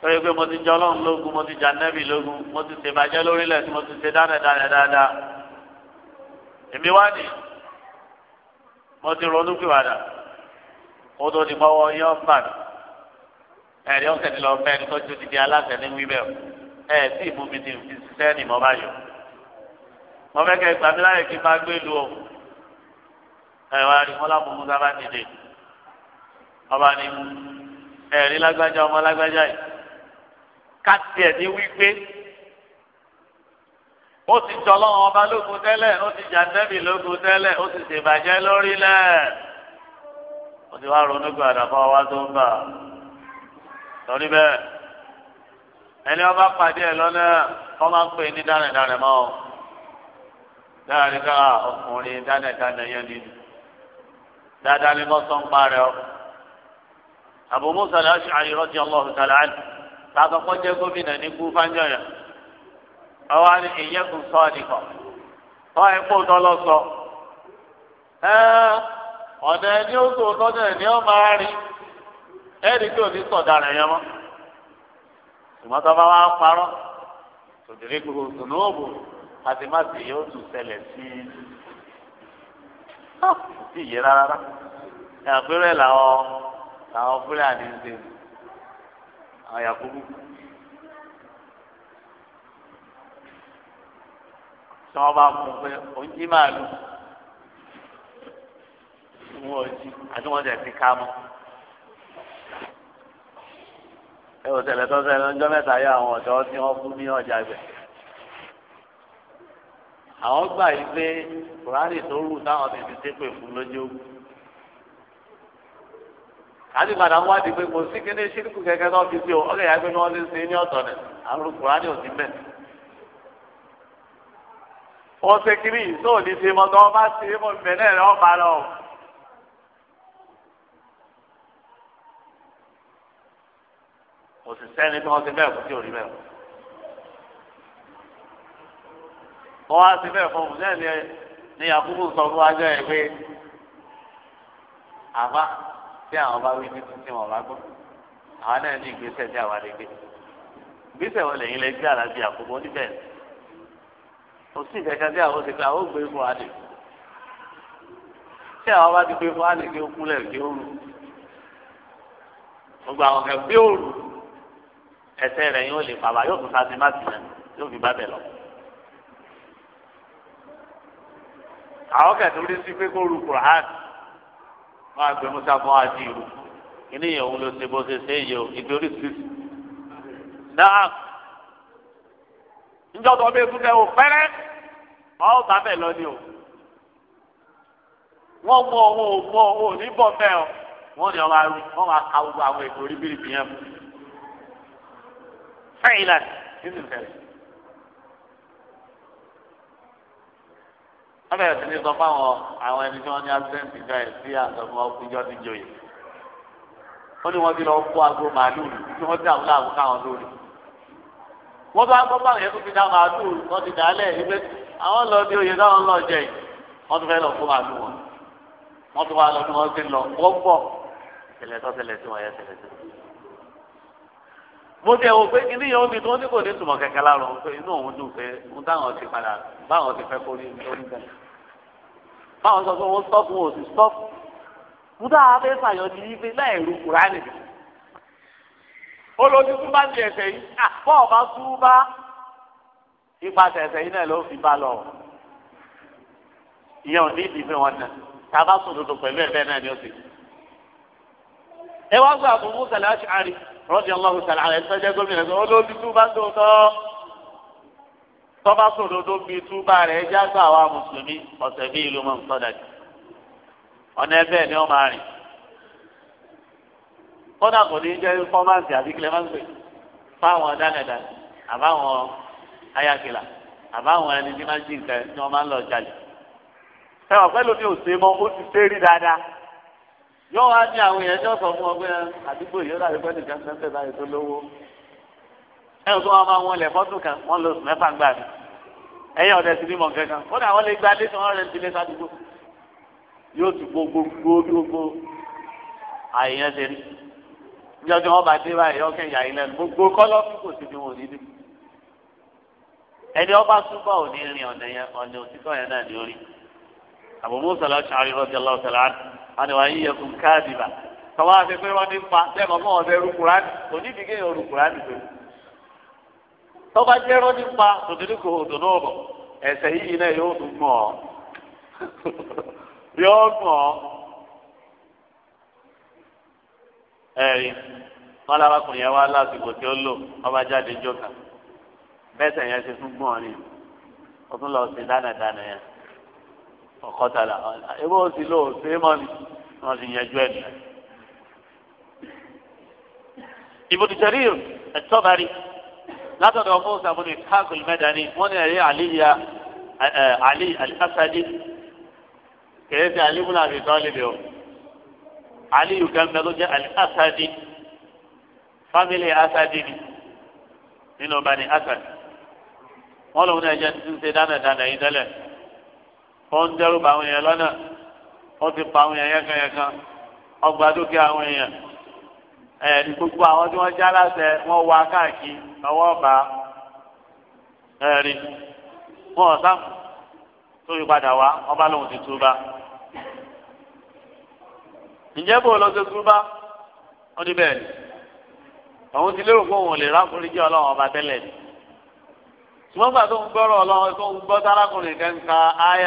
sọ́yẹ́ pé mo ti jẹ́ ọlọ́run lógún mo ti jà nẹ́bì lógún mo ti ṣèbàjẹ́ lórílẹ̀ tí mo ti ṣe dáadáa dáadáa èmi wá ní mo ti ronú pìwàdà ó tó ti mọ́wọ́ yẹ́ ọ̀pá mi ẹ̀rí ọ̀sẹ̀ ti lọ bẹ́ẹ̀ ni tó ti di aláṣẹ ní wíbẹ̀ ẹ̀ tí ìmú mi ti fi ṣiṣẹ́ ni mo bá wọn fẹ́ kẹ́ gbàmí láyè kí n bá gbé lu o ẹ wá rí wọn lábùkún sábà nílé ọba ni ẹ rí lágbájá ọmọ lágbájá yìí káàtì ẹ ní wípé ó ti jọlọ ọba lógun tẹ́lẹ̀ ó ti jàǹdẹ́bì lógun tẹ́lẹ̀ ó ti ṣèbàjẹ́ lórílẹ̀ ó ti wá ronú gbàdá fún ọwá tó ń bà lórí bẹ́ẹ̀ ẹni ọba pàdé ẹ lọ́nà ọmọ ń pè ní dáradára mọ́ ọ. dáadé ká ah, ọkùnrin dáadáa yẹn ni dáadáa ni wọ́n sọ ń parẹ́ ọ. Abu Musa al-Ash'ari radiyallahu gómìnà ní kú fáńjọ́yà ọwọ́ ni ìyẹn kò sọ nìkan ọ ẹ kó sọ ẹni ó tó ẹni ó máa rí ẹni tó ní yẹn tòdìrí gbogbo tòun ó bò àtìmáàtì yóò tún ṣẹlẹ̀ sí sí ah, ìyẹ rárá àpérò ẹ̀ làwọn làwọn fúlàní ń ṣe àwọn yakubu tí wọ́n bá mú pé oúnjẹ máa lù wọn ò jí àti wọn jẹ ti ká mọ́ ẹ ò ṣẹlẹ̀ tó ṣẹlẹ̀ ọjọ́ mẹ́ta yá àwọn ọ̀dọ́ tí wọ́n kú ní ọjà gbẹ. àwọn gbà yí pé kùránì tó rù táwọn ti fi ṣépè fún lójú àti padà wá di pé kò sí kíní ṣírìkù kẹ̀kẹ́ náà fi ṣe o ọ ìyá pé wọ́n ti ní ọ̀tọ̀ rẹ̀ àrùn kùránì ò ṣe kiri yìí tó ní ọba ṣe é ọba lọ. òṣìṣẹ́ ni tí wọ́n ti bẹ́ẹ̀ kú tí ò rí ọwọ́ àti bẹ́ẹ̀ fún un náà ní yakubu sọ fún wájú ẹ̀ pé àbá tí àwọn bá wí ní títí wọn bá gbọ́ àwọn náà ní ìgbésẹ̀ tí àwọn lè gbé ìgbésẹ̀ wọn lẹ́yìn lẹ́gbẹ́ àlàbí yakubu oníbẹ̀ kò sí ìkẹ́kẹ́ tí àwọn ò ti pé àwọn ò gbé fún wa lè tí àwọn bá ti gbé fún wa lè gbé kúlẹ̀ gbé òru gbogbo àwọn kẹ gbé òru ẹsẹ̀ rẹ̀ yóò lè pàbà yóò tún sáà ti má ti rẹ̀ yóò fi bá bẹ̀ lọ. àwọn kẹtù rí sí pé kó ru Qur'an wọn àgbẹ musa fún wa ti ru kíní yẹn òun ló ṣe bó ṣe ṣe yẹ o ìdórí sísì náà níjọ́ tó bẹ́ẹ̀ fún ẹ o fẹ́rẹ́ wọn ò lọ ni o wọn mú ọwọ́ ò ò ní bọ̀ bẹ́ẹ̀ o wọn ni ọba ru wọn máa ka gbogbo àwọn ètò orí bíríbí yẹn fẹ́ ìlànà nínú ìfẹ́ wọ́n bẹ̀rẹ̀ sí ní sọ fáwọn àwọn ẹni tí wọ́n ní accident ìjọ ẹ̀ sí àtọ̀mọ́ ìjọ ti joyè ó ní wọ́n ti lọ kó aago màálù tí wọ́n ti àwọn láàbù káwọn lórí wọ́n bá gbọ́ báwọn yẹn tó fi dá màálù wọ́n ti dálẹ̀ ìgbé àwọn lọ bí oyè táwọn lọ jẹ yìí wọ́n tún lọ kó màálù wọn wọ́n tún wá lọ bí wọ́n ti lọ wọ́n bọ̀ tẹ̀lẹ̀ tó tẹ̀lẹ̀ tí wọ́n yẹ tẹ̀lẹ̀ tẹ̀lẹ̀ mo tẹ wo pé kíní yẹn ó bi tó ní kò ní tùmọ̀ kẹ̀kẹ́ lára òun pé inú òun dùn pé òun táwọn ti padà báwọn ti fẹ́ kó ní lórí bẹ́ẹ̀. báwọn sọ pé wọ́n stọ́ọ̀pù wọn ò sì stọ́ọ̀pù. mo dáa fẹ́ fàyọ ní ibi láì ru kùránì. olójú tún bá ti ẹsẹ̀ yìí àpọ̀ ọba tún bá ipasẹ̀ ẹsẹ̀ yìí náà ló fi bá lọ. ìyẹn ò ní ìdí fún wọn náà tá a bá sòdodo pẹ̀lú ẹ̀ náà ni ó ti. ẹ wá gbọ́ àbúrú rọ́bì ọlọ́run sàlẹ̀ àrẹ tó jẹ́ gómìnà tó olóbi túbá tó tọ́ tọ́ba sòdodo bí túbá rẹ̀ já gbà wá mùsùlùmí ọ̀sẹ̀ bí ìlú mọ̀ nsọ́dàkì ọ̀nà ẹ̀fẹ́ ni ọ̀ma rìn kódà kò ní jẹ́ fọ́mánsì àbí kílẹ̀ máa ń pè fáwọn dánẹ̀dá àbáwọn ayakìlà àbáwọn ẹni tí máa ń jí nǹkan ni wọ́n máa jalè. ẹ ọ̀pẹ́ lómi ò mọ́ ó ti ṣe dáadáa yọ wá ní àwọn èèyàn jọ fún ọgbẹ́ àdúgbò yìí ó pẹ́ nìkan ṣe tẹ̀ báyìí tó lówó ẹ̀ ń sọ wọn máa wọn lẹ̀ fọ́tò kan wọ́n lọ sùn mẹ́fà gbà mí ẹ̀yìn ọ̀dẹ̀ sí mímọ̀ kankan kódà wọ́n lè gba adéṣan ọ̀rẹ́ ti lé sádùúgbò yóò tún gbogbo gbogbo àyẹ̀yẹ́ ṣe rí ní ọjọ́ wọn bá dé báyìí ọkẹ́ ìyá ilẹ̀ gbogbo kọ́lọ́ kò sí ní wọn ò ní wọn ni wọn yí Tọwa káàdì bá tọwọ́ àti pé wọ́n ti ń pa lẹ́mọ̀ mọ́ ọ̀sẹ̀ rukurani onídìí kéèyàn rukurani pé tọ́ba jẹ́ wọ́n ti ń pa tòtòrí náà yóò yóò ọba jáde tún ni tún lọ sí yẹn. ọ̀kọ́tàlà ebó sì lò ṣé mọ́ ni wọ́n sì yẹjú ẹ̀ nìyẹn. ibùdó jẹ̀rìr ẹ̀tọ́ bari látọ̀dọ̀ ọmọ òsàmúlò ìtàkùn ìmẹ́dání wọ́n ní ẹ̀rí àlíyà àlí àlásàdì kèrè sí àlímúlà àti ìtọ́lẹ̀lẹ̀ o àlíyù gẹ́gẹ́ ló jẹ́ àlásàdì fámìlì àsàdì ni nínú bani àsàdì wọ́n lòun náà jẹ́ ti ń ṣe dánadáná yìí tẹ́lẹ̀. ó ń dẹ́rù bá àwọn èèyàn lọ́nà ó ti pa àwọn èèyàn yẹ́kanyẹ́kan ọgbà dúkìá àwọn èèyàn gbogbo àwọn tí wọ́n já láṣẹ wọ́n wá káàkiri ọwọ́ ọba ẹ̀rí wọn ò tó yí padà wá ọba lòun ti ǹjẹ́ bó lọ sí bẹ́ẹ̀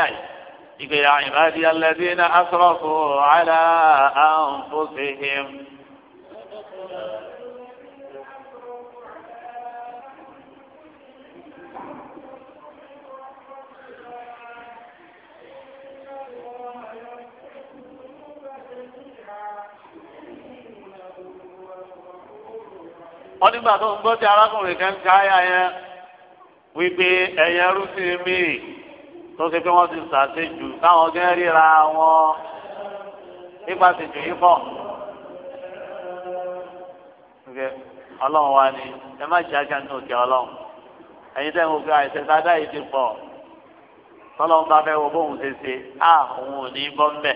ni ìgbé ya ìbádí alẹ́bí ní asọ́fù àlà àǹfọ̀sẹ̀hìm. wọ́n nígbà tó ń gbọ́ tí arákùnrin kan ká ayá wípé ẹ̀yẹ rúfin míì. tó ṣe pé wọ́n ti ṣàṣejù táwọn gẹ́ ríra wọn nípa ṣèjù yìí pọ̀. ọlọ́run wa ni ẹ má ṣe ajá nínú òkè ọlọ́run ẹ̀yin tẹ́ ń wo pé àìsẹ̀ sáadá yìí ti pọ̀ tọ́lọ́run bá fẹ́ wo bóun ṣe ṣe á òun ò ní bọ́ mbẹ́.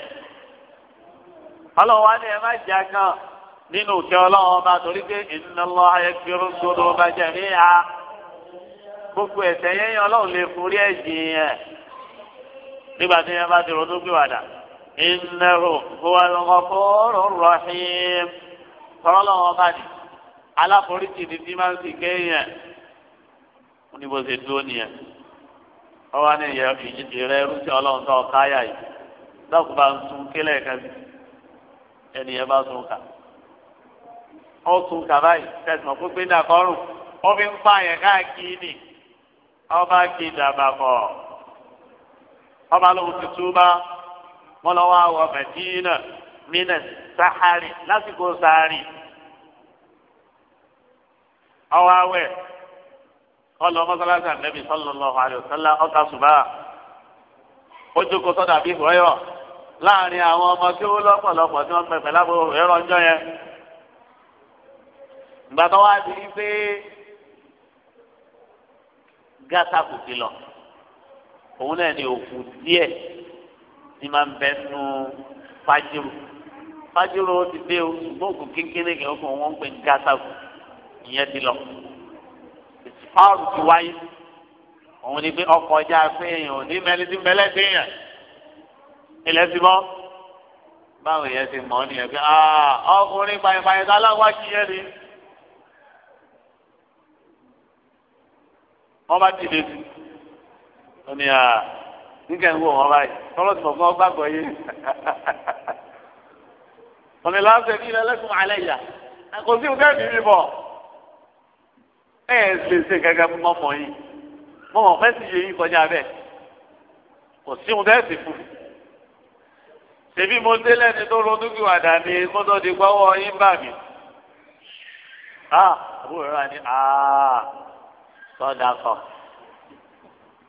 ọlọ́run wa ni ẹ má ṣe ajá nínú òkè ọlọ́run ọba torí pé inna Allaha yaghfiru dhunuba jami'a gbogbo ẹ̀ṣẹ̀ yẹn yẹn ọlọ́run lè forí ẹ̀jìn yẹn nígbà tí yẹn bá ti ronú gbé wàdà innahu huwal ghafurur rahim tọ́rọ́ lọ́wọ́ bá ní aláforíjì ní bí máa ń sì kéèyàn wọn ni bó ṣe dúró nìyẹn wọn wá ní ìyẹn ìjìnlẹ̀ rẹ rúṣẹ́ ọlọ́run tó káyà yìí lọ́kùn bá ń sun kílẹ̀ kan ẹnìyẹn bá sun kà ó sun kà báyìí tẹ̀sán kó gbé dàkọ́rùn ó fi ń pààyàn káàkiri ọba kì dàbà kọ́ ọ ọba lóhùn ti túbá wọn lọ wá wọ mẹdínà mínà sahari lásìkò sahari ọwọ awẹ ọlọ mọsálásí ànábì sallallahu alaihi wasallam ọkà ṣùgbọ́n ó jókòó sọ́dọ̀ àbí ìwọyọ láàrin àwọn ọmọ tí ó lọ́pọ̀lọpọ̀ tí wọn pẹpẹ lábọ ẹrọ ọjọ́ yẹn gbàtọ wá di pé gàtà kò ti lọ òun náà ni òkú díẹ̀ ní máa ń bẹ nù fájúrò fájúrò ti dé o ṣùgbọ́n òkú kékeré kẹ́ ọkọ̀ wọn ń pè ní gásàkù ìyẹn ti lọ ìsìpáàrù ti wáyé òun ni pé ọkọ̀ ọjà pé èèyàn ò ní mẹ́lẹ́ sí mẹ́lẹ́ sí èèyàn ilẹ̀ ti mọ́ báwo yẹn ti mọ́ nìyẹn pé ọkùnrin pàyẹ̀pàyẹ̀ tá aláwa kí yẹn ni wọ́n bá ti lè sùn ó ní à nígbà ń wò wọn báyìí tọ́lọ́ ti fọ̀gbọ́n gbàgbọ́ yé ọ̀nà láti ẹ̀mí lẹ́lẹ́kùn alẹ́ yà kò sí nǹkan ẹ̀mí mi bọ̀ ẹ̀ ẹ̀ ṣe ṣe gẹ́gẹ́ fún mọ́mọ́ yìí mọ́mọ́ fẹ́ sì yẹ yín kọjá bẹ́ẹ̀ kò sí nǹkan ẹ̀sì fún mi ṣèbí mo dé lẹ́ni tó ronú kí wàdà ni kó tó di gbọ́wọ́ yín bà mí ah, àbúrò rẹ̀ ni ah, sọ́dà kan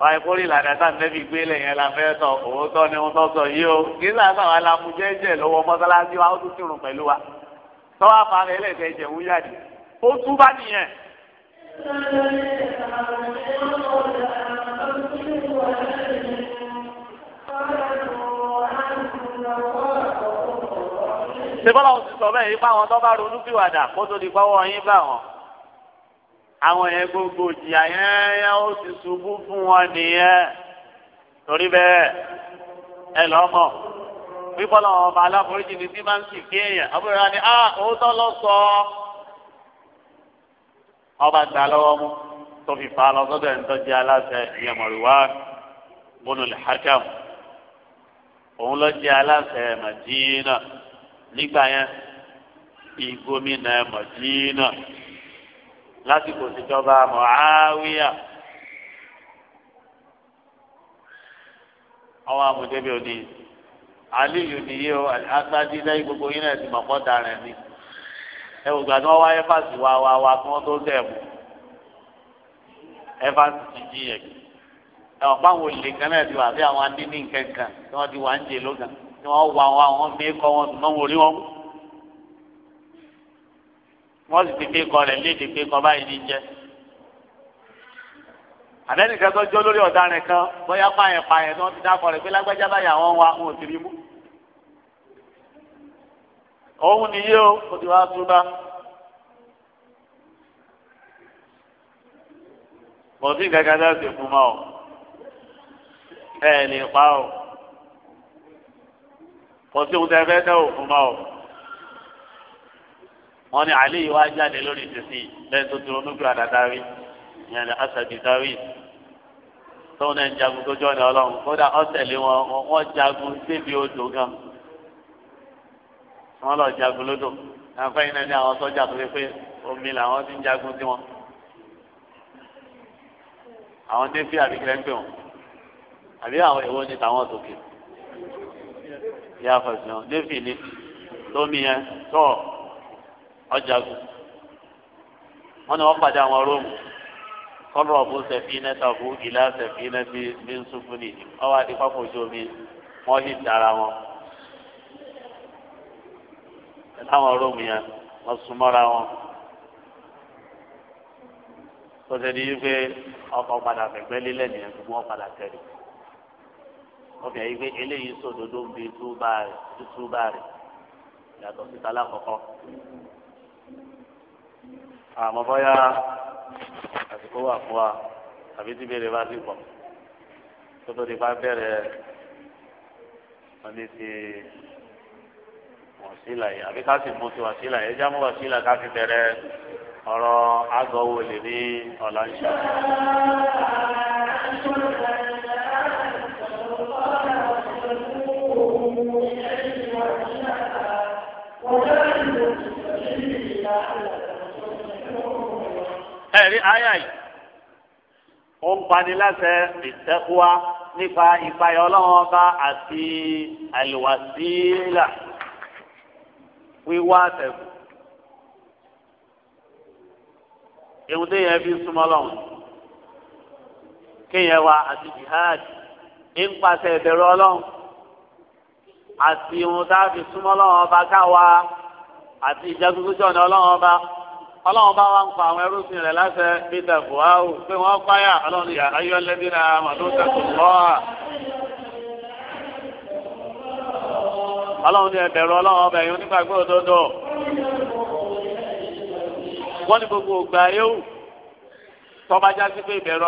wọ́n yẹ kó rí ìlànà tá nẹ́bí gbélé yẹn la fẹ́ sọ òótọ́ ni wọ́n tọ́ sọ yìí o kí sáà sáà wà lámú jẹ́jẹ́ lọ́wọ́ mọ́sálásí wa ó tún kírun pẹ̀lú wa tọ́wọ́ afárẹ́ ẹlẹ́sẹ̀ ẹ̀jẹ̀ ń yàdí ó tú bá nìyẹn. ṣé bọ́lá òsì sọ bẹ́ẹ̀ yìí pa àwọn tó bá ronú fìwàdà kó tó di pọ́wọ́ yín bá wọn àwọn yẹn gbogbo ìjìyà yẹn yẹn ó ti ṣubú fún wọn nìyẹn torí bẹ́ẹ̀ ẹ lọ́mọ wípọ́ lọ́wọ́ ọba aláforíjì ni tí máa ń sì kí èèyàn ọbẹ̀rẹ̀ wa ni a òótọ́ lọ sọ ọba gbà lọ́wọ́ mú tó fi fa lọ sọ́dọ̀ ẹ̀ ń aláṣẹ ìyẹn mọ̀rìwá bọ́nù lẹ́hákàm òun lọ jẹ́ aláṣẹ màdínà nígbà yẹn bí gómìnà màdínà lásìkò ìṣèjọba Muawiya àwọn amòjẹbí òní aliyu nìyí o asájú lẹ́yìn gbogbo yín náà ti mọ̀pọ́ darẹ̀ ni ẹ wò gbàdúrà wá ẹfàsì wá wá wá kí wọ́n tó sẹ̀mù ẹfàsì ti jí yẹn ẹ wọ́n pa àwọn olè kan náà ti wà bí àwọn adínní kankan tí wọ́n ti wà ń jẹ lóga tí wọ́n wà wọn mí kọ́ wọn tún náà wọlé wọn wọ́n sì ti pé kọ́ rẹ̀ léde pé kọ́ báyìí ní jẹ́. àbẹ́nìkan tó jó lórí ọ̀daràn kan bóyá pààyàn pààyàn tí wọ́n ti dákọ̀ rẹ̀ pé lágbájá báyà wọ́n wa wọn ò ti rí mú. òun nìyí o kò ti wá túbá. kò sí kankan náà sì fún ma o ẹ lè pa o kò sí ohun tẹ fẹ́ tẹ òfun ma o wọn ní alẹ́ yìí wá jáde lórí ìsìsì lẹ́yìn tó ti ronú gbàdá dárí ìyẹn ní asàbí dárí tóun náà ń jagun tó jọ́ ní ọlọ́run kódà ọ̀tẹ̀lé wọn wọ́n jagun débi odò gan wọ́n lọ jagun lódò àǹfà yìí náà ní àwọn sọ́jà tó fi pé omi làwọn ti ń jagun sí wọn àwọn dé fi àbíkẹ́ ń pè wọn àbí àwọn èèwọ̀ ní tàwọn tòkè yá fẹ̀sùn dé fi ní lómi yẹn tọ́ọ̀ ọjàgùn wọn ni wọn padà àwọn róòmù kọlọ ọbùn sẹfínẹ tàbí ìlà sẹfínẹ bí bíńsúfúnì ọwọ adìpapọ̀ ojú omi wọn hì dára wọn láwọn róòmù yẹn wọn súnmọ́ra wọn tọ́sẹ̀ ní wípé ọkọ̀ padà fẹ̀gbẹ́ lélẹ̀ nìyẹn gbogbo wọn padà tẹ̀lé ọbẹ̀ yìí pé eléyìí sòdodo ń túbà rẹ̀ yàtọ̀ síta lákọ̀ọ́kọ́ àmọ́ bọ́yá àsìkò wà fún wa àbí tí béèrè bá ti tó tó di bá bẹ̀rẹ̀ wọ́n ní ti wàsílà yìí àbí ká sì mú ti wàsílà yìí ẹjá mú wàsílà ká fi bẹ̀rẹ̀ ọ̀rọ̀ àgọ́ wo lè ní ọ̀la ń ṣe. ẹ̀rí àyà yìí ó ń pani láṣẹ ìtẹ́kùwá nípa ìpayọ̀ ọlọ́run ọba àti àlùwàsílà wíwá àtẹ̀kù. ìwúndé yẹn fi súnmọ́ lọ́wọ́ kéèyàn wá àti jihad ń pàṣẹ ìbẹ̀rù ọlọ́run àti ìwúndá fi súnmọ́ lọ́wọ́ ọba káwa àti ìjagunjú ọ̀nà ọlọ́run ọba. ọlọ́run bá wa ń pa àwọn rẹ̀ láṣẹ peter buhari pé wọ́n páyà ọlọ́run yà ayọ́ lẹ́bí náà àmọ̀tó ọlọ́run ní ẹbẹ̀rù ọlọ́run ọbẹ̀ yìí onígbàgbọ́ òdodo. wọ́n ní gbogbo ògbà yóò tọ́ba já sí pé ìbẹ̀rù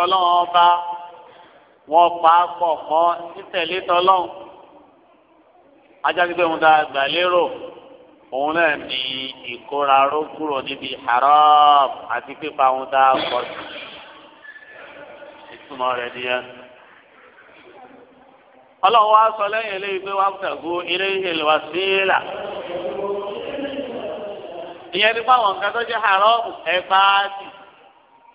ọba pa pọ̀ mọ́ títẹ̀lé tọ́lọ́run. òun náà ní ìkóra ró kúrò níbi haram àti pípa ohun tá pọ̀ sí ìtumọ̀ rẹ̀ nìyẹn. ọlọ́run wá sọ lẹ́yìn eléyìí pé wàá tẹ̀gú ilé ìlú sílà. ìyẹn ní haram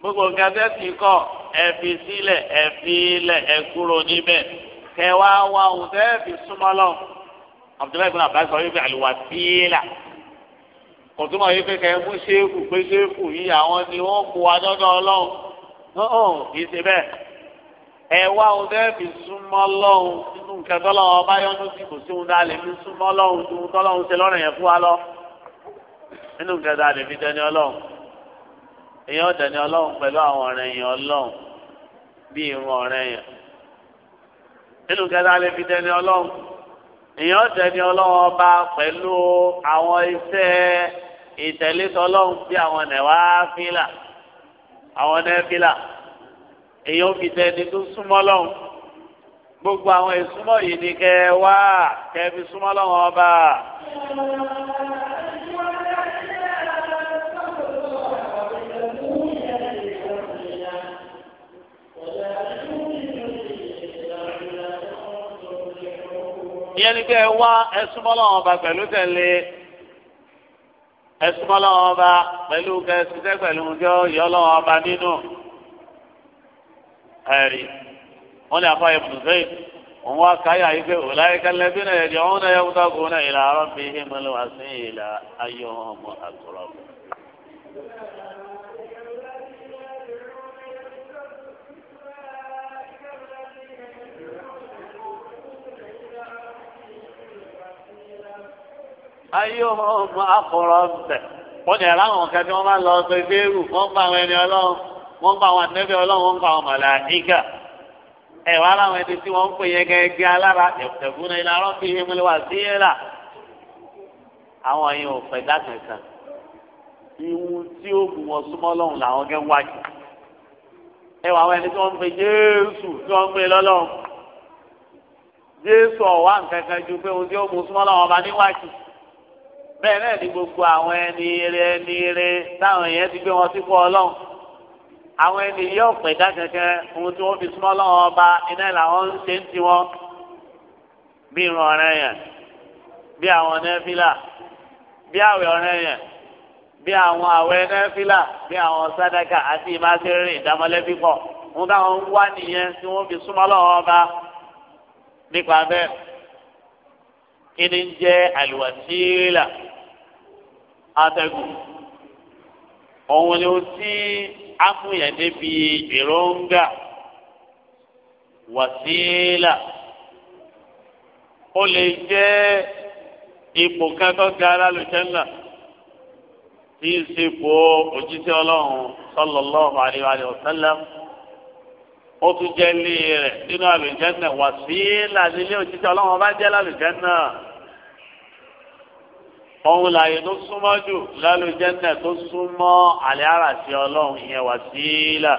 gbogbo nǹkan tẹ́ ti kọ́ ẹ fi sílẹ̀ ẹ fi ilẹ̀ ẹ kúrò níbẹ̀ fi súnmọ́ abdullahi bin abbas sọ wípé àlùwàsílà kò túmọ̀ wípé kẹ́ mú ṣéèkù pé ṣéèkù yìí àwọn ni wọ́n mú wa dọ́dọ̀ ọlọ́run ọ̀hún kì í ṣe bẹ́ẹ̀ ẹ wá ohun tẹ́ fi súnmọ́ lọ́hùn nínú nǹkan tọ́lọ́hún ọba yọ́nú sí kò sí ohun tá a lè fi súnmọ́ lọ́hùn ju ohun tọ́lọ́hún ṣe lọ́rùn yẹn fún wa lọ nínú nǹkan tá a lè fi dẹni ọlọ́hùn èèyàn dẹni ọlọ́hùn pẹ̀lú àwọn ọ̀rẹ́ yẹn ọlọ́hùn bíi irun ọ̀rẹ́ yẹn nínú nǹkan tá a lè fi dẹni ọlọ́hùn èèyàn dẹni ọlọ́wọ́n ọba pẹ̀lú àwọn iṣẹ́ ìtẹ̀lẹ́tọ̀ ọlọ́run bí àwọn nẹ̀wá fílà àwọn nẹ́fílà èèyàn fi dẹni tó súnmọ́ lọ́hùn gbogbo àwọn ìsúnmọ́ yìí ni kẹ́ wá kẹ́ fi súnmọ́ lọ́wọ́n ọba. ìyẹn ni pé ẹ wá ẹsùnmọ́ lọ́wọ́ ọba pẹ̀lú tẹ̀lé ẹsùnmọ́ lọ́wọ́ ọba pẹ̀lú kẹsìtẹ́ pẹ̀lú ọjọ́ ìyọ́ lọ́wọ́ ọba nínú ẹ̀rí wọ́n ní afọ ìbùdó sẹ́yìn òun wá káyà yìí pé òláyé kẹlẹ́ bí náà ọ̀hún náà yẹ kó tó kó náà ìlà àrọ́ fi hímọ́lẹ́wà sí ìlà ayé ọmọ àkùrọ̀ bọ̀. ayé ọmọ akọrọ ọbẹ wọn dẹ̀ láwọn kan tí wọ́n bá lọ pé bẹ́ẹ̀rù wọ́n bá àwọn ẹni ọlọ́run wọ́n bá àwọn àtẹ́bẹ̀ ọlọ́run wọ́n bá àwọn màláíkà ẹ̀ wá láwọn ẹni tí wọ́n ń pè yẹn gẹ́gẹ́ alára ẹ̀fún ní ilárọ́ fi hí múlẹ̀ wá sí yẹn là àwọn yẹn ò fẹ́ dákẹ́kẹ́ ìwù tí ó gùn wọn súnmọ́ lọ́hùn làwọn gẹ́ wájú ẹ wà àwọn ẹni tí wọ́n ń pè Jésù tí wọ́n ń pè lọ́lọ́run Jésù ọ̀wá nǹkan kan ju pé ohun tí ó mú súnmọ́ lọ́wọ́ ọba níwájú bẹ́ẹ̀ náà ni gbogbo àwọn ẹni rẹ ẹni rẹ táwọn èèyàn ti gbé wọn sí fún ọlọ́run àwọn ẹni yóò pè dá kankan ohun tí wọ́n fi súnmọ́ ọlọ́run ọba iná làwọn ń ṣe ń tiwọn bí irun ọ̀rẹ́ yẹn bí àwọn nẹ́fílà bí àwẹ̀ ọ̀rẹ́ yẹn bí àwọn àwẹ̀ nẹ́fílà bí àwọn sádàkà àti ìmáṣẹ́rì ìdámọ́lẹ́bí pọ̀ wọn táwọn ń wá nìyẹn tí wọ́n fi súnmọ́ ọlọ́run ọba nípa bẹ́ẹ̀ kí ni ń jẹ́ àlùwàsílà atẹ́gùn òun ni ó ti amúyẹ̀ débi èròǹgà wàsílà ó lè jẹ́ ipò kan tó ga lálùjẹ́ńgà tí í ṣe ipò òjíṣẹ́ ọlọ́run sallallahu alaihi wa sallam ó tún jẹ́ ilé rẹ̀ nínú àlùjẹ́ńgà wàsílà nílé òjíṣẹ́ ọlọ́run bá jẹ́ lálùjẹ́ńgà òun làyè tó súnmọ́ jù lálùjẹ́nà tó súnmọ́ àlẹ́ àràsí ọlọ́run ìyẹn wà sílà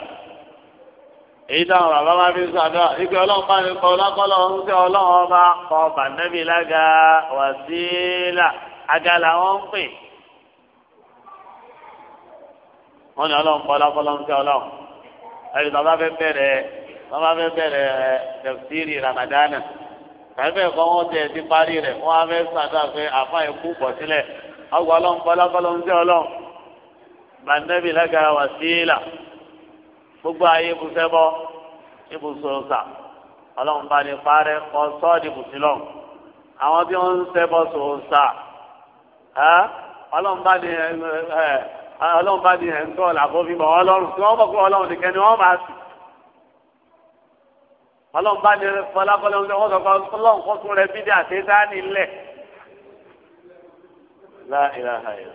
èyí táwọn bàbá máa fi sàdúrà ike ọlọ́run bá mi kọ ọlọ́kọ́lọ́ ń tẹ ọlọ́run ọba kọ bànẹ́bí lága wà sílà aga làwọn ń pè wọ́n ní ọlọ́run kọ ọlọ́kọ́lọ́ ń tẹ ọlọ́run ẹ̀yìn bàbá fẹ́ bẹ̀rẹ̀ bàbá fẹ́ bẹ̀rẹ̀ eh, tẹ̀síìrì tàbí ẹ̀kọ́ wọn tẹ̀ ti parí rẹ̀ wọ́n á fẹ́ sàdá pé àfa ẹ̀kú pọ̀ sílẹ̀ ọgbà ọlọ́run kọ́lákọ́lọ́ ń jẹ́ ọlọ́run bàndẹ́bì lágara wà sílà gbogbo ayé ibùsẹ́ bọ́ ibùsọ̀ ọ̀sà ọlọ́run bá ní parẹ́ kọ́ sọ́ọ̀dì bùsílọ̀ àwọn tí wọ́n ń sẹ́bọ̀ sọ̀ọ̀sà ọlọ́run bá ní ẹ̀ ọlọ́run bá ní ẹ̀ ń tọ́ ọ̀là fún fífọ́ ọlọ́run tí wọ́n mọ̀ pé ọlọ́run nìkan ni wọ́n máa sùn ọlọ́run bá ní fọláfọlá ń sọ ọlọ́run kó tún rẹ bídí àtẹ́sánì ńlẹ̀ láìláìlá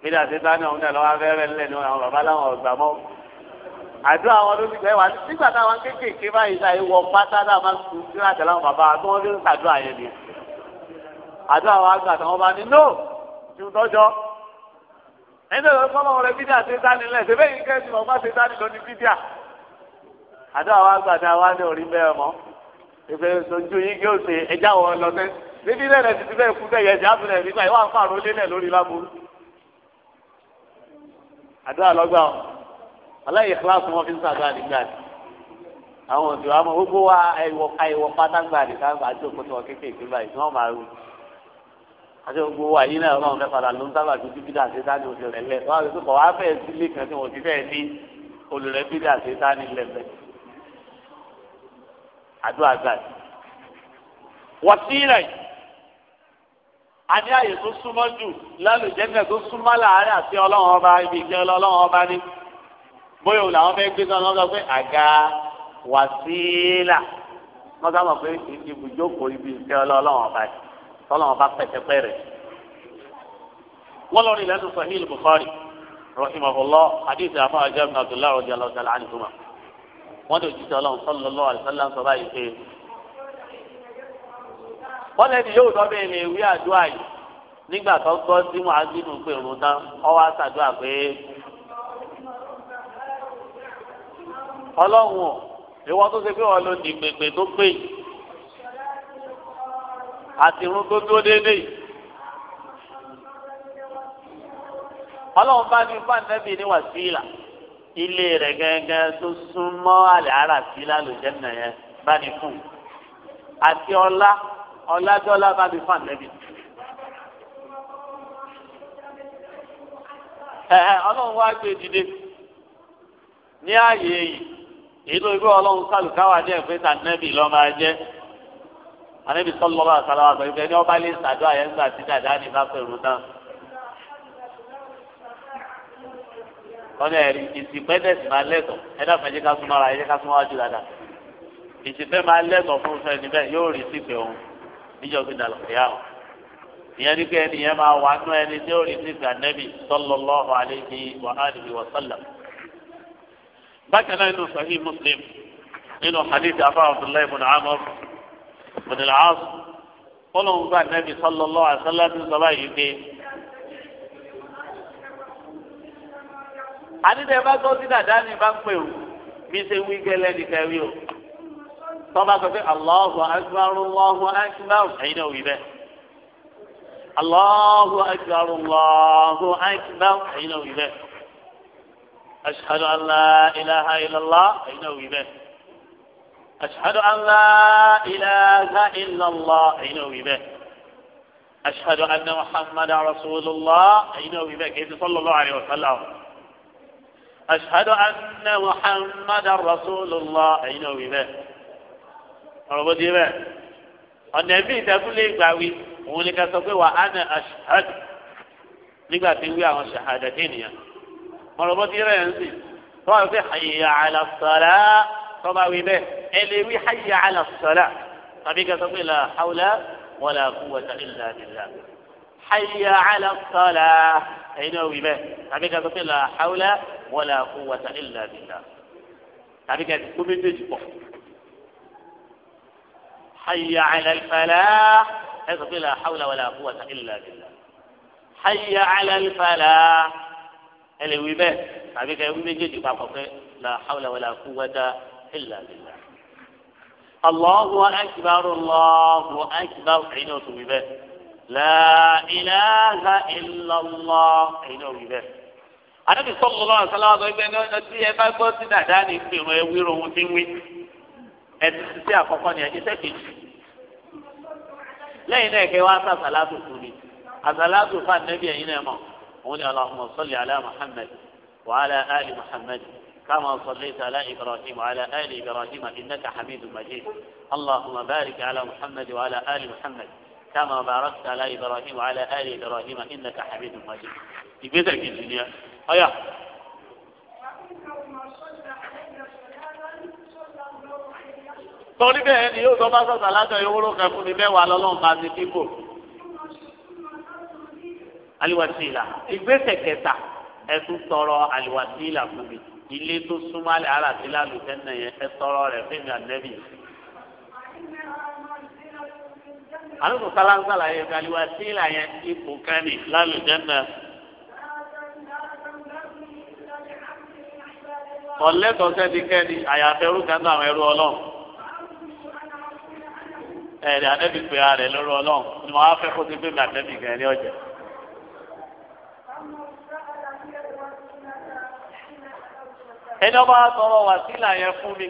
bídí àtẹ́sánì ọ̀hún náà lọ́wọ́ abẹ́rẹ́ ńlẹ̀ ni àwọn bàbá láwọn ọ̀gbà mọ́ àdúrà àwọn ló ti gbẹ wá nígbà táwọn kéékèèké báyìí náà wọ pátá náà máa ń tu sí àtẹ láwọn bàbá tó wọn fi ń ṣàdúrà yẹn ni àdúrà àwọn àgbà táwọn bá ní no ju tọjọ ẹni tó lọ sọmọ rẹ bídí àtẹ́sánì ńlẹ̀ ṣẹbẹ́ yìí kẹ́ àdó àwọn agbàdá wa ní orí bẹ́ẹ̀ mọ́ ìfẹ́ sojú yìí kí ó ṣe ẹja wọn lọ sẹ́ níbi náà rẹ̀ títí bẹ́ẹ̀ kú bẹ́ẹ̀ yẹ jáàbù rẹ̀ nígbà ìwà àǹfààní olé náà lórí lábúrú. àdó àlọ́gbà ọ aláìyè kíláàsì wọn fi ń sàdó àdìgbà ni àwọn òdò àmọ́ gbogbo wa àìwọ àìwọ pátágbà ni káàgbà àti òkúta wọn kéékèèké báyìí tí wọn máa rú àti gbogbo wa yìí náà Ọlọ́run fẹ́ padà ló ń sábà ju bíbídà sí sáni òṣèlú ẹlẹ wọn àti pé kọ wá sílé kan tí wọn ti fẹ́ẹ̀ ní olùrẹ bíbídà sí sáni lẹfẹ àdúrà gbà yìí wàsílà yìí àní àyè tó súnmọ́ jù lálùjẹ́ńdẹ̀ tó súnmọ́ láàárín àti ọlọ́run ọba ibi ìjẹ́ ọlọ́run ọba ní bóyá òun làwọn fẹ́ gbé sọ́nà sọ pé àga wàsílà wọ́n sá mọ̀ pé ibùjókòó ibi ìjẹ́ ọlọ́run ọba ní tọ́lọ́run ọba pẹ̀tẹ́pẹ́ rẹ̀ wọ́n lọ rí lẹ́nu sọ̀hìn Bukhari rahimahullah hadith afa ajab abdullahi radiyallahu ta'ala wọ́n lè jíjẹ ọlọ́run sallallahu alaihi wasallam sọ báyìí pé wọ́n lẹ́ni yóò sọ bẹ́ẹ̀ lè wí àdúrà yìí nígbà tó gbọ́ sí muhammadu pé òun tán ọwọ́ àṣàdúrà pé ọlọ́run ìwọ tó ṣe pé wọ́n ló di pèpè tó pè àti irun tó dúró déédéé yìí. bá ní fáńtẹ́bì ní wàsíìlà. ilé rẹ̀ gẹ́gẹ́ tó súnmọ́ àlàárà sí lálùjẹ́nà yẹn bá ní fún àti ọlá ọlájọ́lá bá ní fún àtẹ́bí. ọlọ́run wá gbé dìde ní ààyè yìí èyí ló gbé ọlọ́run sálùkáwà díẹ̀ pé sànẹ́bì lọ́ máa ànẹ́bì sọ́lọ́lá àsálàwà sọ ìfẹ́ ní ọba ní bá kọ́ni ẹ̀rí ìsìnpẹ́tẹ̀sì máa lẹ́tọ̀ ẹ dáfẹ́ jẹ́ ká súnmọ́ ara ẹ jẹ́ ká súnmọ́ wájú dáadáa ìsìnpẹ́ máa lẹ́tọ̀ fún fẹ́ níbẹ̀ yóò rí sípè òun níjọba ìdàlọ́ ìyá o ìyẹn ní pé ẹni yẹn máa wà nú ẹni tí ó rí sípè ànẹ́bì sallallahu alayhi wa alihi wa sallam. bákan náà inú sahih muslim nínú hadith afa abdullahi ibn amr ibn al-as kọ́lọ́hún gba ànẹ́bì sallallahu alayhi àdídẹ bá tó sí dàda ni bá ń pè o bí ṣe wí gẹ́lẹ́ ní kẹrí o tọ́ba sọ pé Allahu akbar Allahu akbar ẹ̀yin náà wí bẹ́ẹ̀ Allahu akbar Allahu akbar ẹ̀yin náà wí bẹ́ẹ̀ ashhadu an la ilaha illallah ẹ̀yin náà wí bẹ́ẹ̀ ashhadu an la ilaha illallah ẹ̀yin náà wí bẹ́ẹ̀ ashhadu anna muhammadan rasulullah ẹ̀yin náà wí bẹ́ẹ̀ kì í ti sallallahu alaihi wasallam. أشهد أن محمد رسول الله أين هو إبه أربط إبه النبي تقول لي قاوي ولك سوكي وأنا أشهد لك تقول لي عن شهادتين يا أربط إبه أنسي قال في حي على الصلاة طبعا إبه إلي حي على الصلاة طبيك سوكي لا حول ولا قوة إلا بالله حي على الصلاة أين هو إبه طبيك سوكي لا حول ولا قوة إلا بالله تعرف كده كم حي على الفلاح حيث بلا حول ولا قوة إلا بالله حي على الفلاح اللي ويبه تعرف كده كم يجي بخت لا حول ولا قوة إلا بالله الله أكبر الله أكبر عينه ويبه لا إله إلا الله عينه ويبه àdébí sọ́kùn lọ́wọ́ sọ́láwọ́ sọ pé ọtí ẹ bá gbọ́ sí dàda ní ìpinnu ẹ wíro ohun tí ń wí ẹtí títí àkọ́kọ́ ni ẹtí sẹ́kẹ̀jì lẹ́yìn náà kẹ́ wá sá sàlátù fún mi àsàlátù fún ànábì ẹ̀yin náà mọ̀ òun ni Allahumma salli ala Muhammad wa ala ali Muhammad kama sallaita ala Ibrahim wa ala ali Ibrahim innaka hamidun majid Allahumma barik ala Muhammad wa ala ali Muhammad kama barakta ala Ibrahim wa ala ali Ibrahim innaka hamidun majid ìgbésẹ̀ kejì ni ẹ ọ̀yà. torí bẹ́ẹ̀ ni yóò sọ bá sọ̀tà látọ̀ ìwúrò kan fún mi mẹ́wàá lọ́lọ́run bá ti dìbò. aliwasila ìgbésẹ̀ kẹta ẹ̀sùn tọrọ aliwasila fún mi ilé tó súnmọ́ alẹ́ ara sí lálùfẹ́ náà yẹn ẹ tọrọ rẹ̀ fún mi ànẹ́bì. àlùkò sálánsálà yẹn aliwasila yẹn ipò kẹ́ni lálùfẹ́ náà. ọ̀lẹ́tọ̀ sẹ́dikẹ́ni àyàfẹ́rú kan náà àwọn ẹrú ọlọ́run ẹ̀rẹ̀ àdẹ́bí pé ara rẹ̀ lọ́rọ̀ ọlọ́run ni wọ́n á fẹ́ kó ti gbé mi àdẹ́bí gan ní ọ̀jẹ̀. ẹni ọba sọ̀rọ̀ wà sílà yẹn fún mi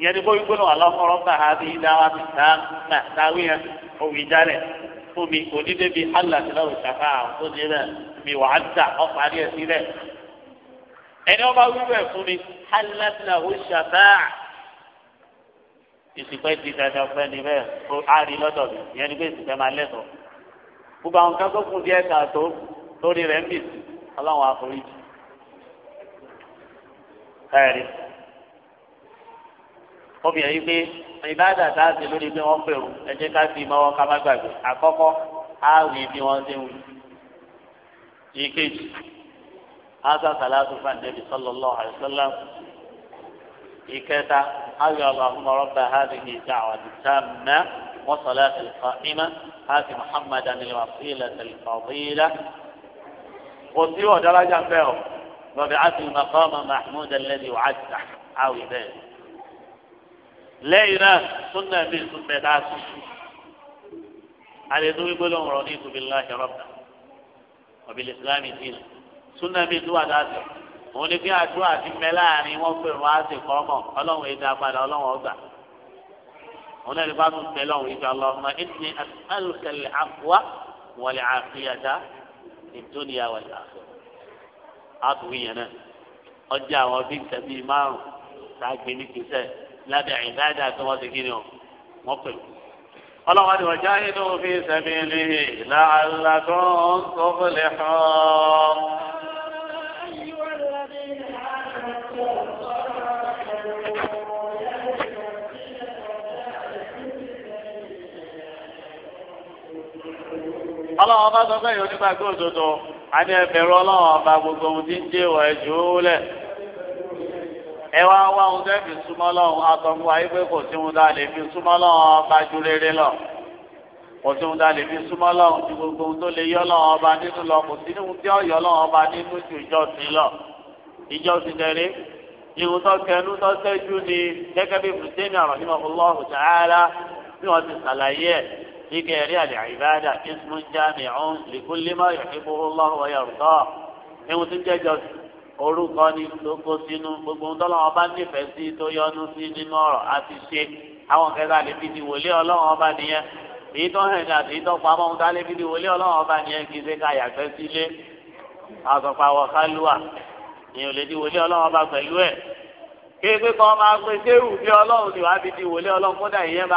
ìyẹn ni bó gbóná wà bá a bí dáwà bí dáná dáwì yẹn òwì jálẹ̀ fún mi òdídé bíi allah ti àwọn tó dé náà mi wà dà ọ̀pá ẹni ọba wíwẹ̀ fún mi hálàtìlà ó ṣàfà ìsìnkú ti dandan fẹ́ ni bẹ́ẹ̀ ó àárín lọ́dọ̀ mi ìyẹn ni pé ìsìnkú máa lẹ́sọ̀ọ́ gbogbo àwọn kan tó kún díẹ̀ kà tó lórí rẹ̀ ń bì sí ọlọ́run àforíjì káyọ̀rí obìnrin yìí pé ìbáàdà tá a ti lórí pé wọ́n pèrò ẹ jẹ́ ká fi mọ́wọ́ ká má gbàgbé àkọ́kọ́ á wí bí wọ́n ṣe ń wí ìkejì. هذا ثلاث عن النبي صلى الله عليه وسلم إكتا حي اللهم رب هذه الدعوة التامة وصلاة القائمة آت محمدا الوسيلة الفضيلة قلتي ودرجة به وبعث المقام محمود الذي وعدته أو إباده لينا سنة من سنة على ذو يقولون رضيت بالله ربا وبالإسلام دينا súnà mi tó wà láti òun ni bí àdúrà ti mẹ láàrin wọn pé wọn á sì kọ́ mọ̀ ọlọ́run èdè apàdà ọlọ́run ọgbà òun náà ní bá tún tẹ lọ́run ìjọ ọlọ́run náà ìdí àfúwá wọlé àfihàdá ìdúnìyà wọlé àtúwì yẹn náà ọjà àwọn bí nǹkan bíi márùn tá a gbé ní kìsẹ́ lábẹ́ àìdáadáa tó wọ́n ti kí ni o wọ́n pè ọlọ́wọ́n ni wọ́n jáhìnú fi sabilihi la'allakum tuflihun. ọlọ́wọ́n bá sọ pé yóò nípa gbóòdodo a ní ẹ̀fẹ̀rọ ọlọ́wọ́n bá gbogbo ohun tí ń jẹ́ ìwà ẹ̀jú lẹ̀. ẹ wá wá ohun tẹ́ fi súnmọ́ lọ́hùn atọ́mú ayé pé kò sí ohun tá a lè fi súnmọ́ lọ́hùn ọba ju rere lọ kò sí ohun tá a lè fi súnmọ́ lọ́hùn ju gbogbo ohun tó lè yọ lọ́hùn ọba nínú lọ kò sí ohun tí ó yọ lọ́hùn ọba nínú ju ìjọsìn lọ ìjọsìn tẹ̀lé ìhun tó kẹnu tó sẹ́jú ni gẹ́gẹ́ bí mùsùlùmí rahimahullahu ta'ala bí wọ́n ti ṣàlàyé ẹ̀ ike ri orúkọ ni tó kó sínú gbogbo ń tọ́lọ́ ọba nífẹ̀ẹ́ sí tó yọnu sí nínú ọ̀rọ̀ àti ṣe àwọn kẹta lè fi di wòlé ọlọ́run ọba nìyẹn èyí tó hẹ̀ ní àti ìtọ́ pamọ́ ń tálé fi di wòlé ọlọ́run ọba nìyẹn kì í ṣe ká yàgbẹ́ sílé àtọ̀pàwọ̀ kálúwà ìyẹn ò lè di wòlé ọlọ́run ọba pẹ̀lú ẹ̀ kéèké kan máa pe séwù bí ọlọ́run ni wàá fi di wòlé ọlọ́run kódà ìyẹn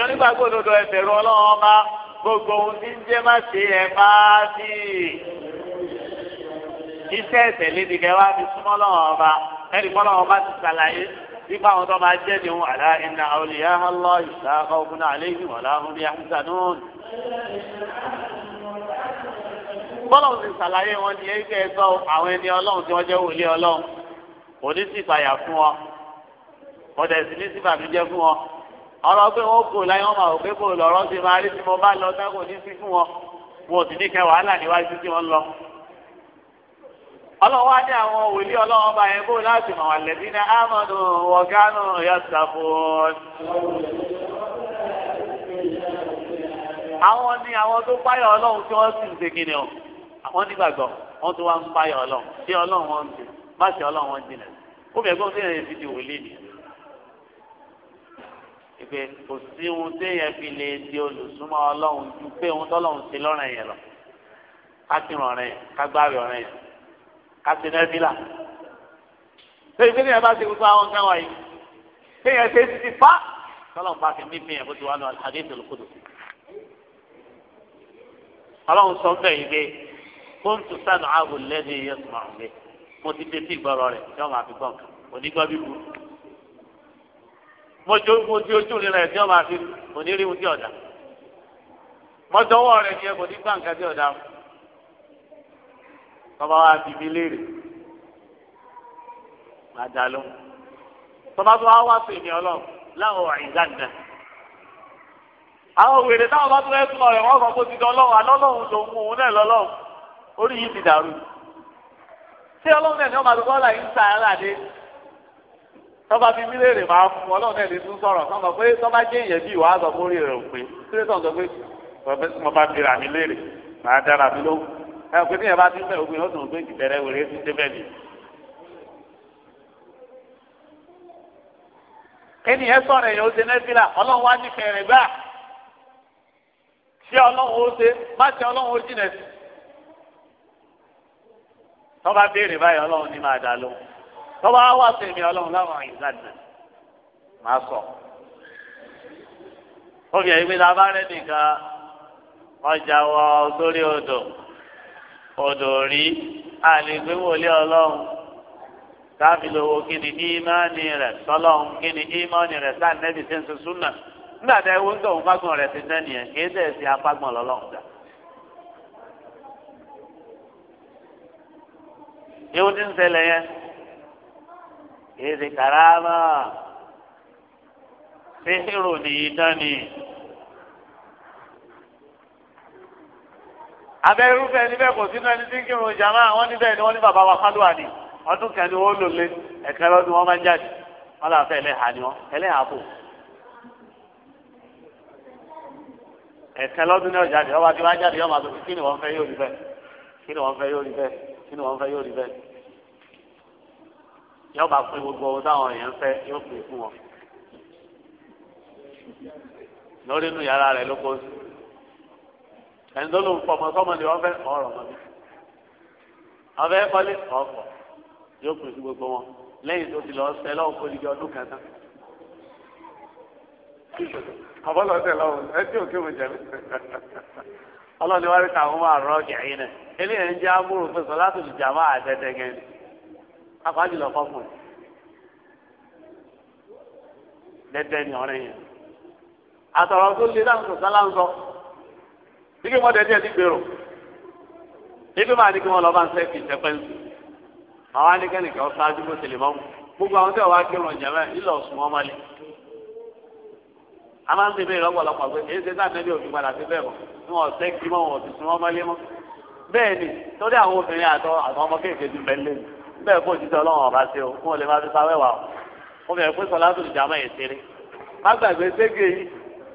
ẹ̀yin onígbàgbọ́ òdodo ẹ̀bẹ̀rù ọlọ́run ọba gbogbo ohun tí ń jẹ́ má ṣe ẹ̀ máa dì í. iṣẹ́ ìtẹ̀lé ni kẹ́ wá fi súnmọ́ lọ́wọ́ ọba ẹnì kọ́ lọ́wọ́ ọba ti ṣàlàyé nípa àwọn tó máa jẹ́ ní àlá iná àwòlíyá lọ ìṣàkọ́ ogun àléhìn wọ̀lá ọ̀hún ní àhúnsà náà. bọ́lọ̀ ti ṣàlàyé wọn ni ẹgbẹ́ ẹgbẹ́ àwọn ẹni ọlọ́run tí wọ́n jẹ́ wòlíì ọlọ́run kò ní sí ìpayà fún wọn kò dẹ̀ sí ní sí ìbànújẹ́ fún wọn ọ̀rọ̀ pé wọ́n kò láyé wọn máa òkè kò lọ́rọ́ sí máa rí tí mo bá lọ sẹ́kùn ní sí fún wọn wọn ò sì ní kẹ wàhálà níwájú tí wọ́n lọ. ọlọ́wọ́ á ní àwọn wòlíì ọlọ́wọ́n bá yẹn bó láti mọ̀ wàlẹ́bí ní amadu wọ̀gánù yasafun. àwọn ni àwọn tó páyọ̀ ọlọ́run tí wọ́n sì ń segin ni ọ àwọn nígbàgbọ́ wọ́n tún wá ń páyọ̀ ọlọ́run tí ọlọ́run wọn ń sè má sì ọlọ́run wọn jìnà ó bẹ̀ gbọ́n sí ẹ̀yìn fídíò wòlíì nìyẹn ìpè kò sí ohun téèyàn fi lè di olùsúnmọ́ ọlọ́run ju pé ohun tọ́lọ́run ti lọ́rùn yẹn lọ ká sì ràn rẹ̀ ká gbáre ọ̀rẹ́ yẹn ká sì náà lórí pé téèyàn bá ti gbogbo àwọn nǹkan wọ̀nyí téèyàn ṣe é ti fa tọ́lọ́run bá fi mímí yẹn bó ti wà ní àdéhùn olùkúdù. ọlọ́run sọ bẹ́ẹ̀ yìí pé kóńtù sànù ààbò lẹ́ni yẹn sùn àwọn ọ̀gbẹ́ mo ti dé sí ìgbọ́rọ̀ rẹ̀ mọjọ mojú ojú rẹ rẹ tí ọ máa fi oníríwu tí ọdà mọjọwọ rẹ ni ẹ kò ní gbàǹkà tí ọdà tọba wa bìbí léèrè àdá ló tọba tó wá wá sí ìní Ọlọ́run láwọn àìjáde àwọn wèrè táwọn bá tún ẹ tún ọ̀rẹ́ wọn kọ kó ti di Ọlọ́run alọlọrun lòun òun náà lọ́lọ́run orí yìí ti dàrú tí Ọlọ́run náà ni wọn máa tó kọ́ ọ́ tọ́ba fi mí máa fún ọlọ́run náà lè tún sọ̀rọ̀ sọ́mọ pé tọ́ba jẹ́ èèyàn bí ìwà àzọ̀ mórí rẹ̀ òpin sílẹ̀ tó ń sọ pé mo bá bira mi léèrè máa dára mi lóhùn ẹ pé níyẹn bá ti fẹ́ òpin ọdún pé ìbẹ̀rẹ̀ wèrè ti dé ènìyàn sọ̀rọ̀ èèyàn ó ṣe nẹ́fìlà ọlọ́run wá nífẹ̀ẹ́ rẹ̀ gbà ṣé ọlọ́run ó ṣe má ṣe ọlọ́run ó tọ́ba wá sí èmi ọlọ́run láwọn àyíkáàdì máa sọ. obìnrin yìí gbéra bá rẹ nìkan ọjà wọ sórí odò odò rí àlègbè wòlé ọlọ́run káfí lówó kí ni ìmánì rẹ̀ sọlọ́run kí ni ìmánì rẹ̀ sáà nẹ́bí sí ń sọ súnà nígbà tí ewu ń tọ̀ ń fagbọ̀n rẹ̀ ti sẹ́ni yẹn kì í dẹ̀ sí afagbọ̀n lọ́lọ́run dà. ewu ti ń ṣẹlẹ̀ yẹn kìí ṣe kàràmà síhìrù nìyí tán ni. abẹ́ irúfẹ́ níbẹ̀ kò sínú ẹni tí ń kírun jàmá wọ́n níbẹ̀ ni wọ́n ní bàbá wa fádùá ni ọdún kan ni wọ́n lò lé ẹ̀kẹ́ lọ́dún wọn máa ń jáde wọ́n là fẹ́ ẹlẹ́hà ni wọ́n ẹlẹ́hà bò ẹ̀kẹ́ lọ́dún náà jáde wọ́n bá ti wá jáde wọ́n máa tó kí ni wọ́n fẹ́ yóò rí bẹ́ẹ̀ kí ni wọ́n fẹ́ yóò rí bẹ́ẹ̀ kí ni wọ́n fẹ́ yóò rí bẹ́ẹ̀ yóò bá pín gbogbo ohun táwọn èèyàn fẹ́ yóò pín fún wọn lórí inú yàrá rẹ̀ ló kó sí ẹni tó ló ń fọmọ sọmọ ni wọn fẹ́ ọ̀rọ̀ mọ mi wọn fẹ́ ọkọ yóò pín sí gbogbo wọn lẹ́yìn tó ti lọ sẹ lọ́wọ́ kó ọdún kan tán àbọ̀lọ̀ tẹ̀ lọ́wọ́ ẹ tí òkè wò jẹ̀mí ọlọ́ni wá rí káwọn máa rọ́ọ̀kì ẹ̀yìn náà eléyìí ń jẹ́ amúrò fẹsọ̀ láti lè jàmá akọ àjùlọ kọ fún ẹ dẹdẹ ni ọ̀rẹ́ yẹn àtọ̀rọ̀ tó lé láǹtọ̀ sáláńsọ ike mọ dẹdẹ ti gbèrò ike máa ní kí wọn lọ bá ń sẹ kì í sẹpẹ nsú àwọn anìkẹ́nìkẹ́ ọ̀sáájú bó tilẹ̀ mọ́mú gbogbo àwọn tí wọn wá kírun jẹmẹ ìlọ sùn wọn má a máa ń ṣe bẹ́ẹ̀ lọ́pọ̀lọpọ̀ pé èyí ṣe sáà nẹ́bí òfin padà sí bẹ́ẹ̀ mọ́ ní wọn ọ̀sẹ́ kí mọ́ wọn ò wọn má lé mọ́ ni torí àwọn obìnrin àtọ àwọn ọmọ kéèké ti bẹ́ẹ̀ lé bẹ́ẹ̀ kó jíjẹ ọlọ́run ọba ṣe o fún olè máa fi sáwẹ́ wà o mo bẹ̀rẹ̀ pé sọlá tó jàmọ́ yìí ṣeré má gbàgbé ségè yìí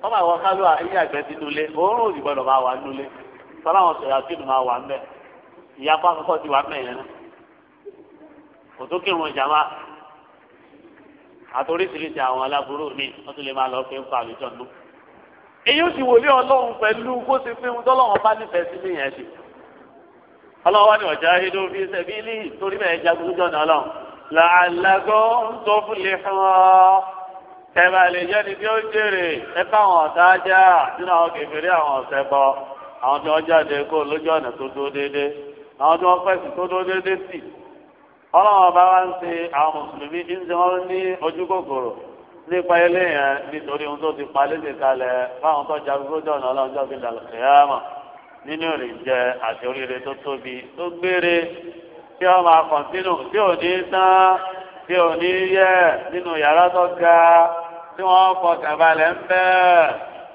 wọ́n máa wọ kálúwà iye àgbẹ̀ ti nulẹ̀ òórùn òdì gbọ́dọ̀ máa wà nulẹ̀ sọlá wọn sọ̀rọ̀ àti ìdùnnú máa wà ńbẹ̀ ìyapa kọ́kọ́ ti wà ńbẹ̀ yẹn náà kò tó kírun jàmá àtòríṣiríṣi àwọn aláburú mi wọ́n tún lè máa lọ fi ń fa àlùjọ nù ọlọ́wọ́ ni ọ̀já inú fi sẹ́bílì torí bẹ́ẹ̀ jagun jọ̀nà lọ. làálàgọ́ tó fúnlẹ̀ fún ọ. ẹ̀bà lè jẹ́ ni bí ó jèrè ẹ káwọn ọ̀tá já nínú àwọn kẹfìrí àwọn ọ̀sẹ̀ bọ àwọn tí wọ́n jáde kó lójú ọ̀nà tó dúró déédéé àwọn tí wọ́n fẹ̀sìn tó dúró déédéé sí. ọlọ́wọ́ bá wá ń ṣe àwọn mùsùlùmí ń ṣe wọ́n ní ojú kòkòrò nípa eléyàn nítorí ohun tó ti pa léṣe kalẹ̀ fáwọn tó jagun lójú ọ̀nà ọlọ́run jọ́ fi dàlù nínú ìrìnjẹ àti oríire tó tóbi tó gbére tí ó máa kọ̀ntínú tí ò ní tán tí ò ní yẹ nínú yàrá tó ga tí wọ́n fọkàn balẹ̀ ń bẹ́ẹ̀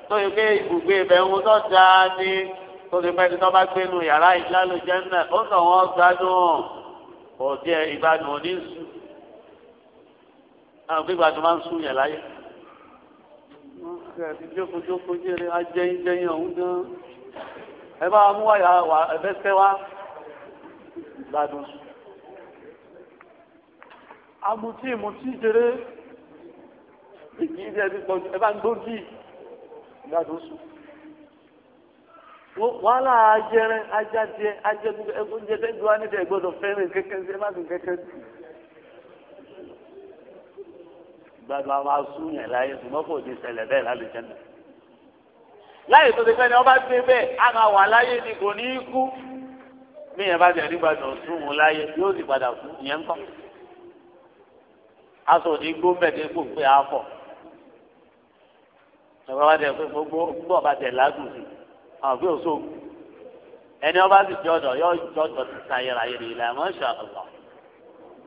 tó yẹ pé ibùgbé ibẹ̀ ń tó dáa ní tó ti pẹ́ tí wọ́n bá gbé nu yàrá ìlàlù jẹ́nà ó sọ wọ́n gbádùn kò díẹ̀ ìgbádùn òní sùn àwọn òbí gbádùn máa ń sùn yẹ̀ láyé. wọ́n kẹ́ ẹ̀ ti jókòó jókòó jẹ́rẹ́ ajẹ́yìn jẹ́yìn ọ̀hún gan-an ẹ bá wa mú wáyà wà ẹ̀fẹ́sẹ̀ wá gbádùn. amutí ìmutí jẹrẹ ìdí ìdí ẹbí pọ̀jù ẹ bá ń gbójì gbádùn sùn. wàhálà ajẹrẹ ajadìẹ ajẹgbẹ ẹgbẹ ẹgbẹ wa níbi ẹgbọdọ fẹrẹ kẹkẹ ẹ má dùn kẹkẹ gbàdúrà máa sún yẹn láyé ṣùgbọ́n kò ní ṣẹlẹ̀ bẹ́ẹ̀ lálùjẹ́ náà láyé tó ti fẹ́ ni ọba gbé bẹ́ẹ̀ á máa wà láyé ni kò ní í kú bí yẹn bá ti ẹ̀rí gbàdùn sùn wọn láyé yóò sì padà kú ìyẹn ń kọ́ aṣọ òní gbó mẹ́tẹ́ kò pé á fọ̀ ọba bá tẹ̀ pé gbogbo gbọ́ ọba tẹ̀ lágùn sí àwọn òbí òṣogbo ẹni ọba sì jọdọ̀ yọ jọdọ̀ ti ta yẹrayẹrẹ ìlànà ọ̀ṣọ́ àtọ̀tọ̀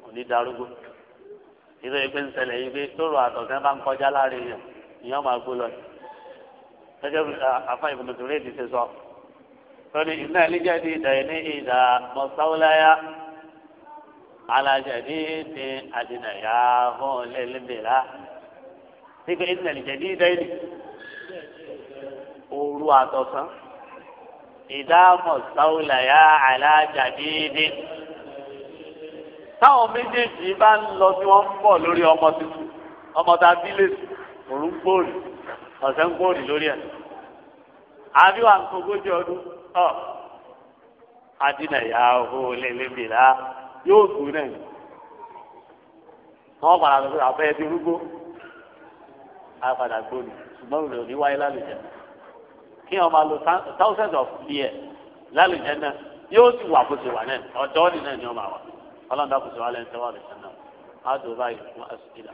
òní darúgbó ìrẹ́ ìpín ṣẹlẹ̀ yìí pé tóru àtọ̀kẹ́ bá ń kọjá láàrin yẹn ìyẹn máa gbó lọ gẹ́gẹ́ bí afa ìbùnùtùrẹ́ ti ṣe sọ. lórí iná ẹlẹ́jẹ̀ ti dà ní ìdá mọ̀sáwúláyà alájẹ̀ ní ti àdìnàyà fún lẹ́lẹ́dẹ̀lá. síbi iná ẹlẹ́jẹ̀ ní ìdá yìí òru àtọ̀sán ìdá mọ̀sáwúláyà alájẹ̀ ní táwọn méjèèjì bá ń lọ tí wọ́n ń bọ̀ lórí ọmọ tuntun ọmọ tàbí lè sùn òru gbòòrò ọ̀sẹ̀ ń gbòòrì lórí ẹ̀ àbí wà ń kogójì ọdún ọ adínà ìyá owó lélẹ́bì rà yóò gùn náà wọ́n padà sọ pé àfẹ́ ẹbí rúgbó á padà gbòòrì ṣùgbọ́n ìròyìn ní wáyé lálùjẹ kí wọ́n máa lo thousands of years lálùjẹ náà yóò sì wà bó ṣe wà náà ọ̀dọ́ nínú ẹ̀ ni wọ́n máa wà ọlọ́run dákùsọ̀ wà lẹ́yìn tẹ́wọ́ àlùjẹ náà á dùn báyìí fún àṣìkìlà.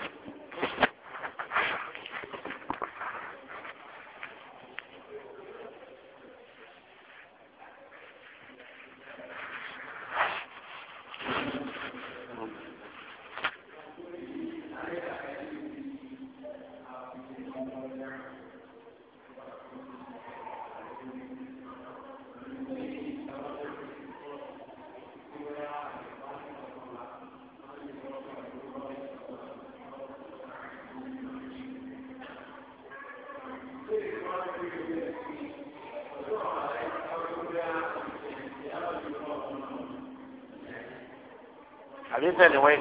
tẹ̀lé wẹ́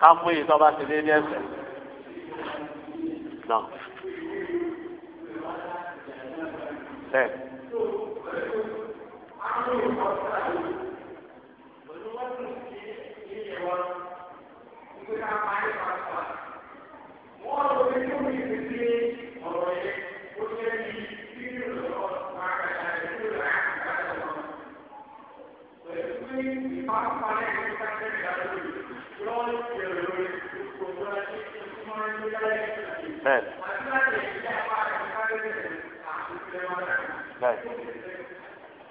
ká mú yìí tó bá ti dé ní ẹsẹ̀ náà.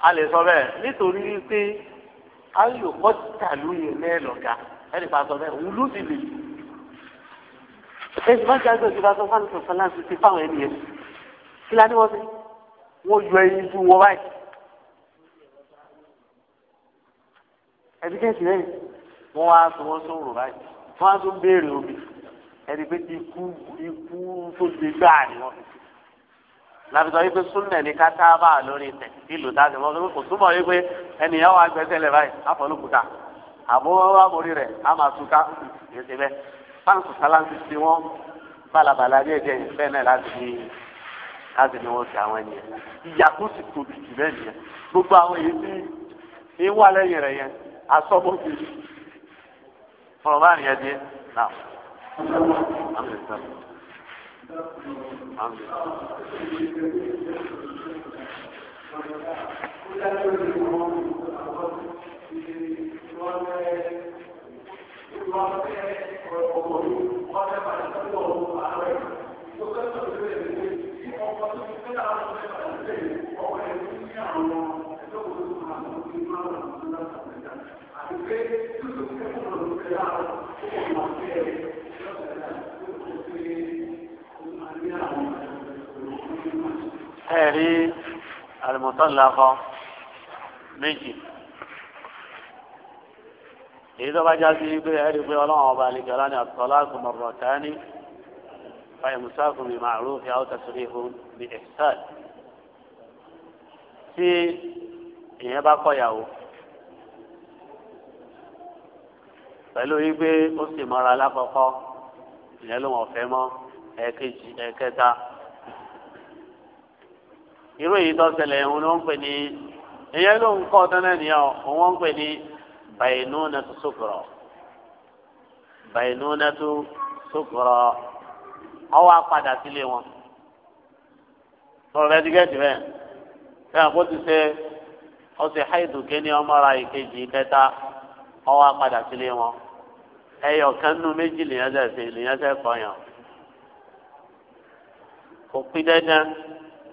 a lè sọ bẹ́ẹ̀ nítorí wípé ayò kọ́tàlú yẹn lẹ́ẹ̀lọ́gà ẹnì kan sọ bẹ́ẹ̀ wúlú ti lè. ẹ bá jáde òjò bá sọ fáwọn sọ fáwọn láti ti fáwọn ẹni yẹn kí la ní wọ́n fi wọ́n yọ ẹyin ju wọn báyìí. ẹbí kẹ́sì lẹ́yìn wọ́n wá sọ wọ́n sọ òrò báyìí wọ́n á tún béèrè omi ẹni pé ikú ikú tó le gbáà ni wọ́n fi lábìsọ yìí pé súnlẹ̀ ní kátábà lórí tẹ̀ ìlú dáàbì wọn lórí kò túbọ̀ yìí pé ènìyàn wà gbẹ́sẹ̀ lẹ̀ báyìí àfọlùkùtà àbúrò àmórí rẹ̀ á máa túká èsì bẹ́ẹ̀ fáǹsì sáláńsì tí wọ́n balabala ní èdè yìí bẹ́ẹ̀ náà láti ní láti ní wọ́n ti àwọn ènìyàn ìyá tó sì tóbi jù bẹ́ẹ̀ nìyẹn gbogbo àwọn èyí tí ń wà lẹ́yìn rẹ̀ yẹn asọ́bọ̀bì ọ̀rọ̀ bá dé náà. Thank ẹ̀rí àlùmọ́tọ́lákọ méjì èyí tó bá já sí pé ẹ̀rí pé ọlọ́run ọba àlejò ọlá ní àtọ́lákùn ọ̀rọ̀ tání fàyẹ̀mùsákùn bí màrú fi àwọn tẹ̀sílẹ̀ ìhun bí ẹ̀sán tí èèyàn bá kọ̀yàwó pẹ̀lú wípé ó sì mọ́ra lákọ̀ọ́kọ́ ìyẹn ló wọ́n fẹ́ mọ́ ẹ̀ẹ̀kejì irú èyí tó òun ló ń pè ní ìyẹn ló ń kọ́ tẹ́lẹ̀ nìyẹn òun ń pè ní bainunatu sukra bainunatu sukra ọwọ́ apàdà sílé wọn sọ̀rọ̀ ẹ̀dígẹ́tì bẹ́ẹ̀ fẹ́ràn kó ti ṣe ọsẹ haidu kéne ọmọra ìkejì kẹta ọwọ́ apàdà sílé wọn ẹyọ kan méjì lèyàn lèyàn kò pín dandan.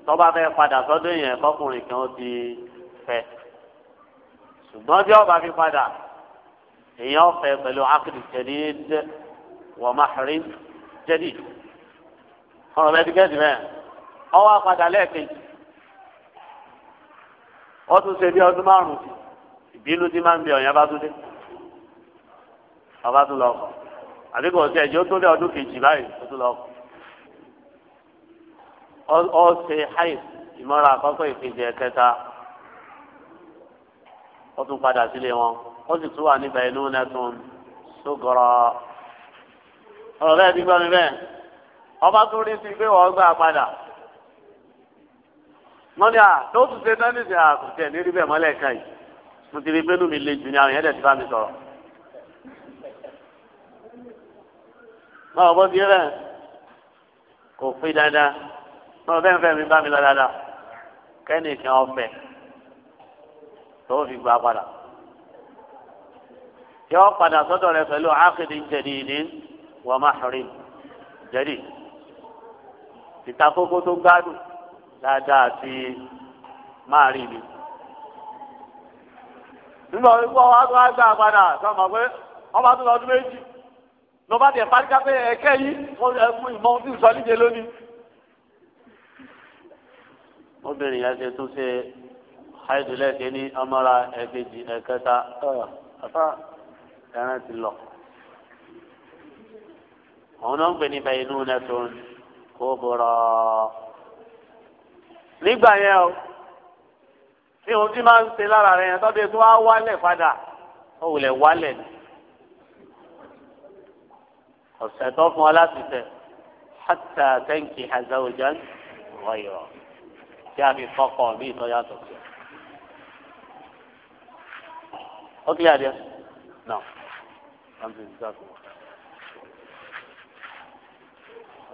tọ́ba fẹ́ padà sọ́dọ̀ èèyàn kọkùnrin kan ó ti fẹ́ ṣùgbọ́n tí ọba fi padà èèyàn fẹ́ pẹ̀lú akidi jadid wa mahrim jadid ọ̀rọ̀ bẹ́ẹ̀ ti kẹ́sì bẹ́ẹ̀ ọwọ́ apàdà lẹ́ẹ̀kejì ó tún ṣe bí ọdún márùn-ún ìbínú tí máa ń bí ọ̀yàn bá tún dé ọba tún lọ kọ̀ àbí kò ẹ̀jẹ̀ ó tó lé ọdún kejì báyìí ó tún lọ kọ̀. ọ̀sẹ̀ haid ìmọ̀ra àkọ́kọ́ ìkejì ẹ̀kẹta ó tún padà sílé wọn ó sì tún wà níbẹ̀ inú nẹ́tún sógọrọ ọ̀rọ̀ bẹ́ẹ̀ ti gbọ́ mi bẹ́ẹ̀ ọba tún rí sí pé wọ́n gbà padà wọ́n ní à tó tún ṣe tán nìṣẹ́ àkùtẹ̀ ní ríbẹ̀ mọ́lẹ̀ kan yìí mo ti rí pé mi le jù ní àwọn yẹn dẹ̀ bá mi sọ̀rọ̀. náà bó ti rẹ̀ kò pín dandan. náà fẹ́ẹ́ fẹ́ẹ́ mi bá mi lọ dáadáa kẹ́nìkan ọ̀fẹ́ tó fi gba padà yọ padà sọ́dọ̀ rẹ pẹ̀lú ákìdí jẹ̀dìdì wọ́n máa rí jẹ̀dì ìtakókó tó gbádùn dáadáa ti máa rí mi. nígbà wípé ọba tó wá gbà padà sọ́mọ pé ọba tó lọ́dún méjì lọ́ba tẹ̀ fárígá pé ẹ̀kẹ́ yìí mo ẹ̀kú ìmọ̀ ohun lónìí obìnrin yẹn ti tún ṣe àìdùlẹ̀ kìíní ọmọra ẹ̀kejì ẹ̀kẹta ọ̀fà ẹran ti lọ. òun náà ń pè ní bẹ̀yìnú nẹ́tún kó bọ̀rọ̀. nígbà yẹn o tí òun ti máa ń ṣe lára rẹ̀ yẹn tọ́bi tó wá wálẹ̀ padà ó wulẹ̀ wálẹ̀ ni. ọ̀sẹ̀ tó fún ọ láti tẹ̀ hátà tẹ́ǹkì àzáwòjá ń wáyọ̀. كان يتوقع به صياد الصيام أوكي يا نعم أمزي جزاك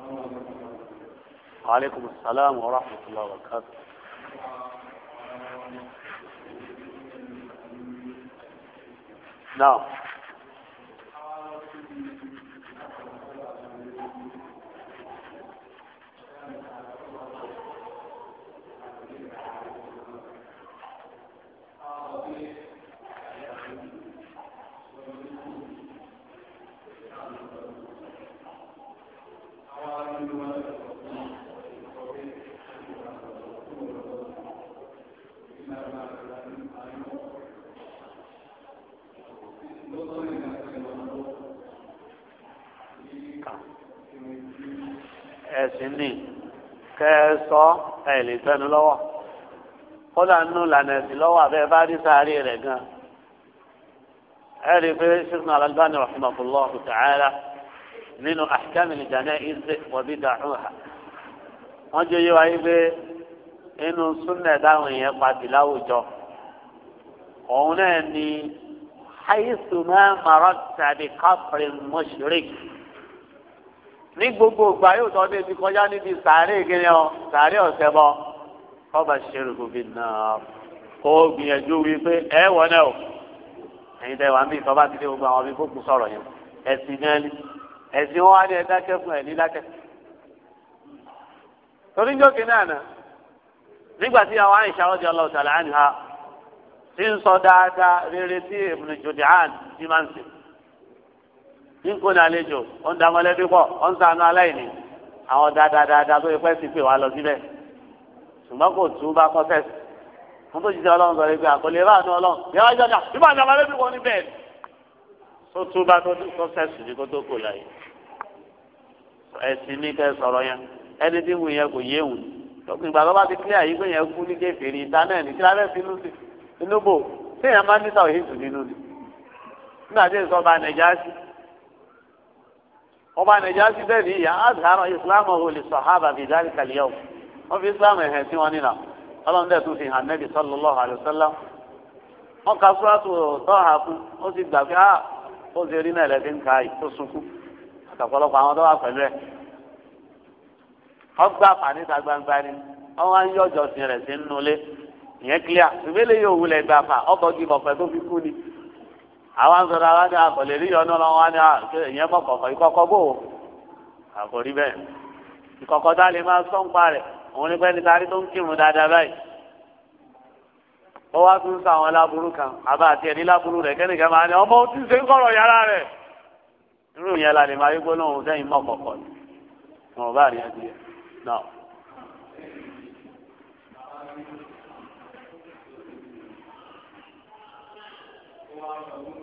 الله عليكم السلام ورحمة الله وبركاته نعم sí ní kẹsọ ẹ lè tẹnu lọ́wọ́ kódà nínú ìlànà ẹ̀sìn lọ́wọ́ abẹ bá rí sáré rẹ gan ẹ rí i pé sèkùn alágbáni rahimahullah ta'ala nínú ahkam al-jana'iz wa bid'aha wọn jẹ yé yí pé inú súnà dáhùn yẹn pàtì láwùjọ òun náà ni haythuma mararta bi qabrin mushrik ní gbogbo ìgbà yóò tọ́ débi kọjá níbi sàárè kiri ọ sàárè ọ̀sẹ̀ bọ ọba ṣerùkù bí náà kó gbìyànjú wípé ẹ wọ náà o ẹ̀yin tẹ wà ń bí ìtọ́ba ti dé gbogbo àwọn bí fókù sọ̀rọ̀ yẹn ẹ̀sìn náà ni ẹ̀sìn wọn á ní ẹ̀dákẹ́ fún ẹ̀ ní dákẹ́ torí jókè náà nà nígbà tí àwọn àyìnṣà ọjọ́ ọlọ́ọ̀tà làánì ha ti ń sọ dáadáa rere tí Ibn ní kò ní àlejò ó ń da mọ́lẹ́bí pọ̀ ó ń ṣàánú aláìní àwọn dáadáa tó ipẹ́ sì pè wá lọ síbẹ̀ ṣùgbọ́n kò tún bá kọ́ sẹ́sì wọ́n tó jíjẹ ọlọ́run sọ̀rọ̀ pé àkọlé rà ní ọlọ́run yẹ wá jọjà bí màá dàgbà lẹ́bí wọn ní bẹ́ẹ̀ tó tún bá tó tún sẹ́sì ní kó tó kò yá ẹ̀sìn ní kẹ́ sọ̀rọ̀ yẹn ẹni tí wùn yẹn kò yéwu ìgbà tó bá ti kílẹ̀ yìí pé yẹn kú ní kéferì ìta náà ní kíláfẹ́ sínú inú bò téèyàn máa ń ní sàwéhìntù nínú ni nígbà tí èso nàìjíríà sí ọba nàìjíríà ti bẹ́ẹ̀ ní ìyá àdàrà ìsìláàmù olè sọ̀hábà bìdárì kàlíyàwó wọ́n fi ìsìláàmù ẹ̀hẹ̀ sí wọn nínà ọlọ́run dẹ̀ tún fi hàn nẹ́bí sallallahu alaihi wasallam wọ́n ka súrátù tọ́hà fún ó sì gbà pé ah, ó ṣe rí náà lẹ́sìn ká yìí tó sunkún àtàkọ́lọ́pọ̀ àwọn tó wà pẹ̀lú ẹ̀ ọgbà àǹfààní ta gbangba ni wọ́n wá yọjọ́ sí rẹ̀ sí nulẹ̀ ìyẹn kílíà àwọn àgbẹ̀rẹ̀ àwọn àti àkọlẹ̀ rí ọ̀nà ọlọ́wọ́n á ní ìyẹn mọ̀ kọ̀kọ̀ ìkọ̀kọ̀ bò ó àkòrí bẹ́ẹ̀ ìkọ̀kọ̀ tá a lè máa sọ́n pa rẹ̀ òun ní pẹ́ni tarí tó ń kírun dáadáa báyìí ó wá tún sọ àwọn láburú kan àbá àti ẹni láburú rẹ̀ kẹ́nìkan máa ní ọmọ tí ń ṣe ń kọ̀rọ̀ yàrá rẹ̀ irú yẹn la lè máa yí gbólóhùn sẹ́yìn mọ̀ kọ̀kọ̀ Thank you.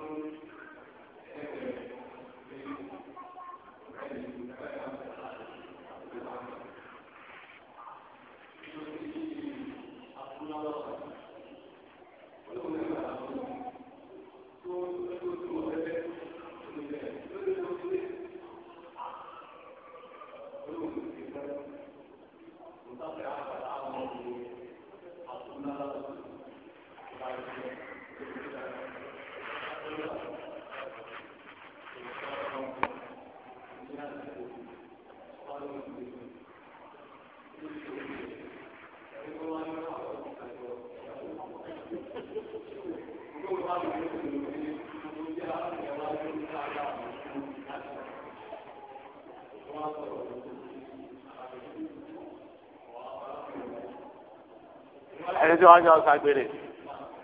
tí wọ́n jọ ṣàgbèrè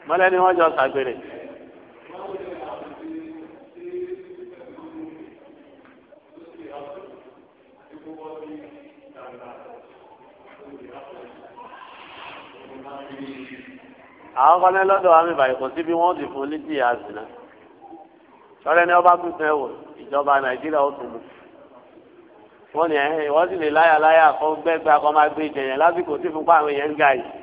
mọ́lẹ́ ni wọ́n jọ ṣàgbèrè. àwọn kan náà lọ́dọ̀ àmì ìbàyẹ̀ kò sí bí wọ́n ti fún lídìí àzìnà sọ́lẹ́ ní ọba pínpín ẹ̀wọ̀ ìjọba nàìjíríà ó tún mu wọ́n ní ẹ̀hìn wọ́n sì lè láyà láyà kó gbẹ́gbẹ́ akọ́ máa gbé ìjẹ̀yẹ̀ lásìkò tí fúnpá àwọn èèyàn ń ga yìí.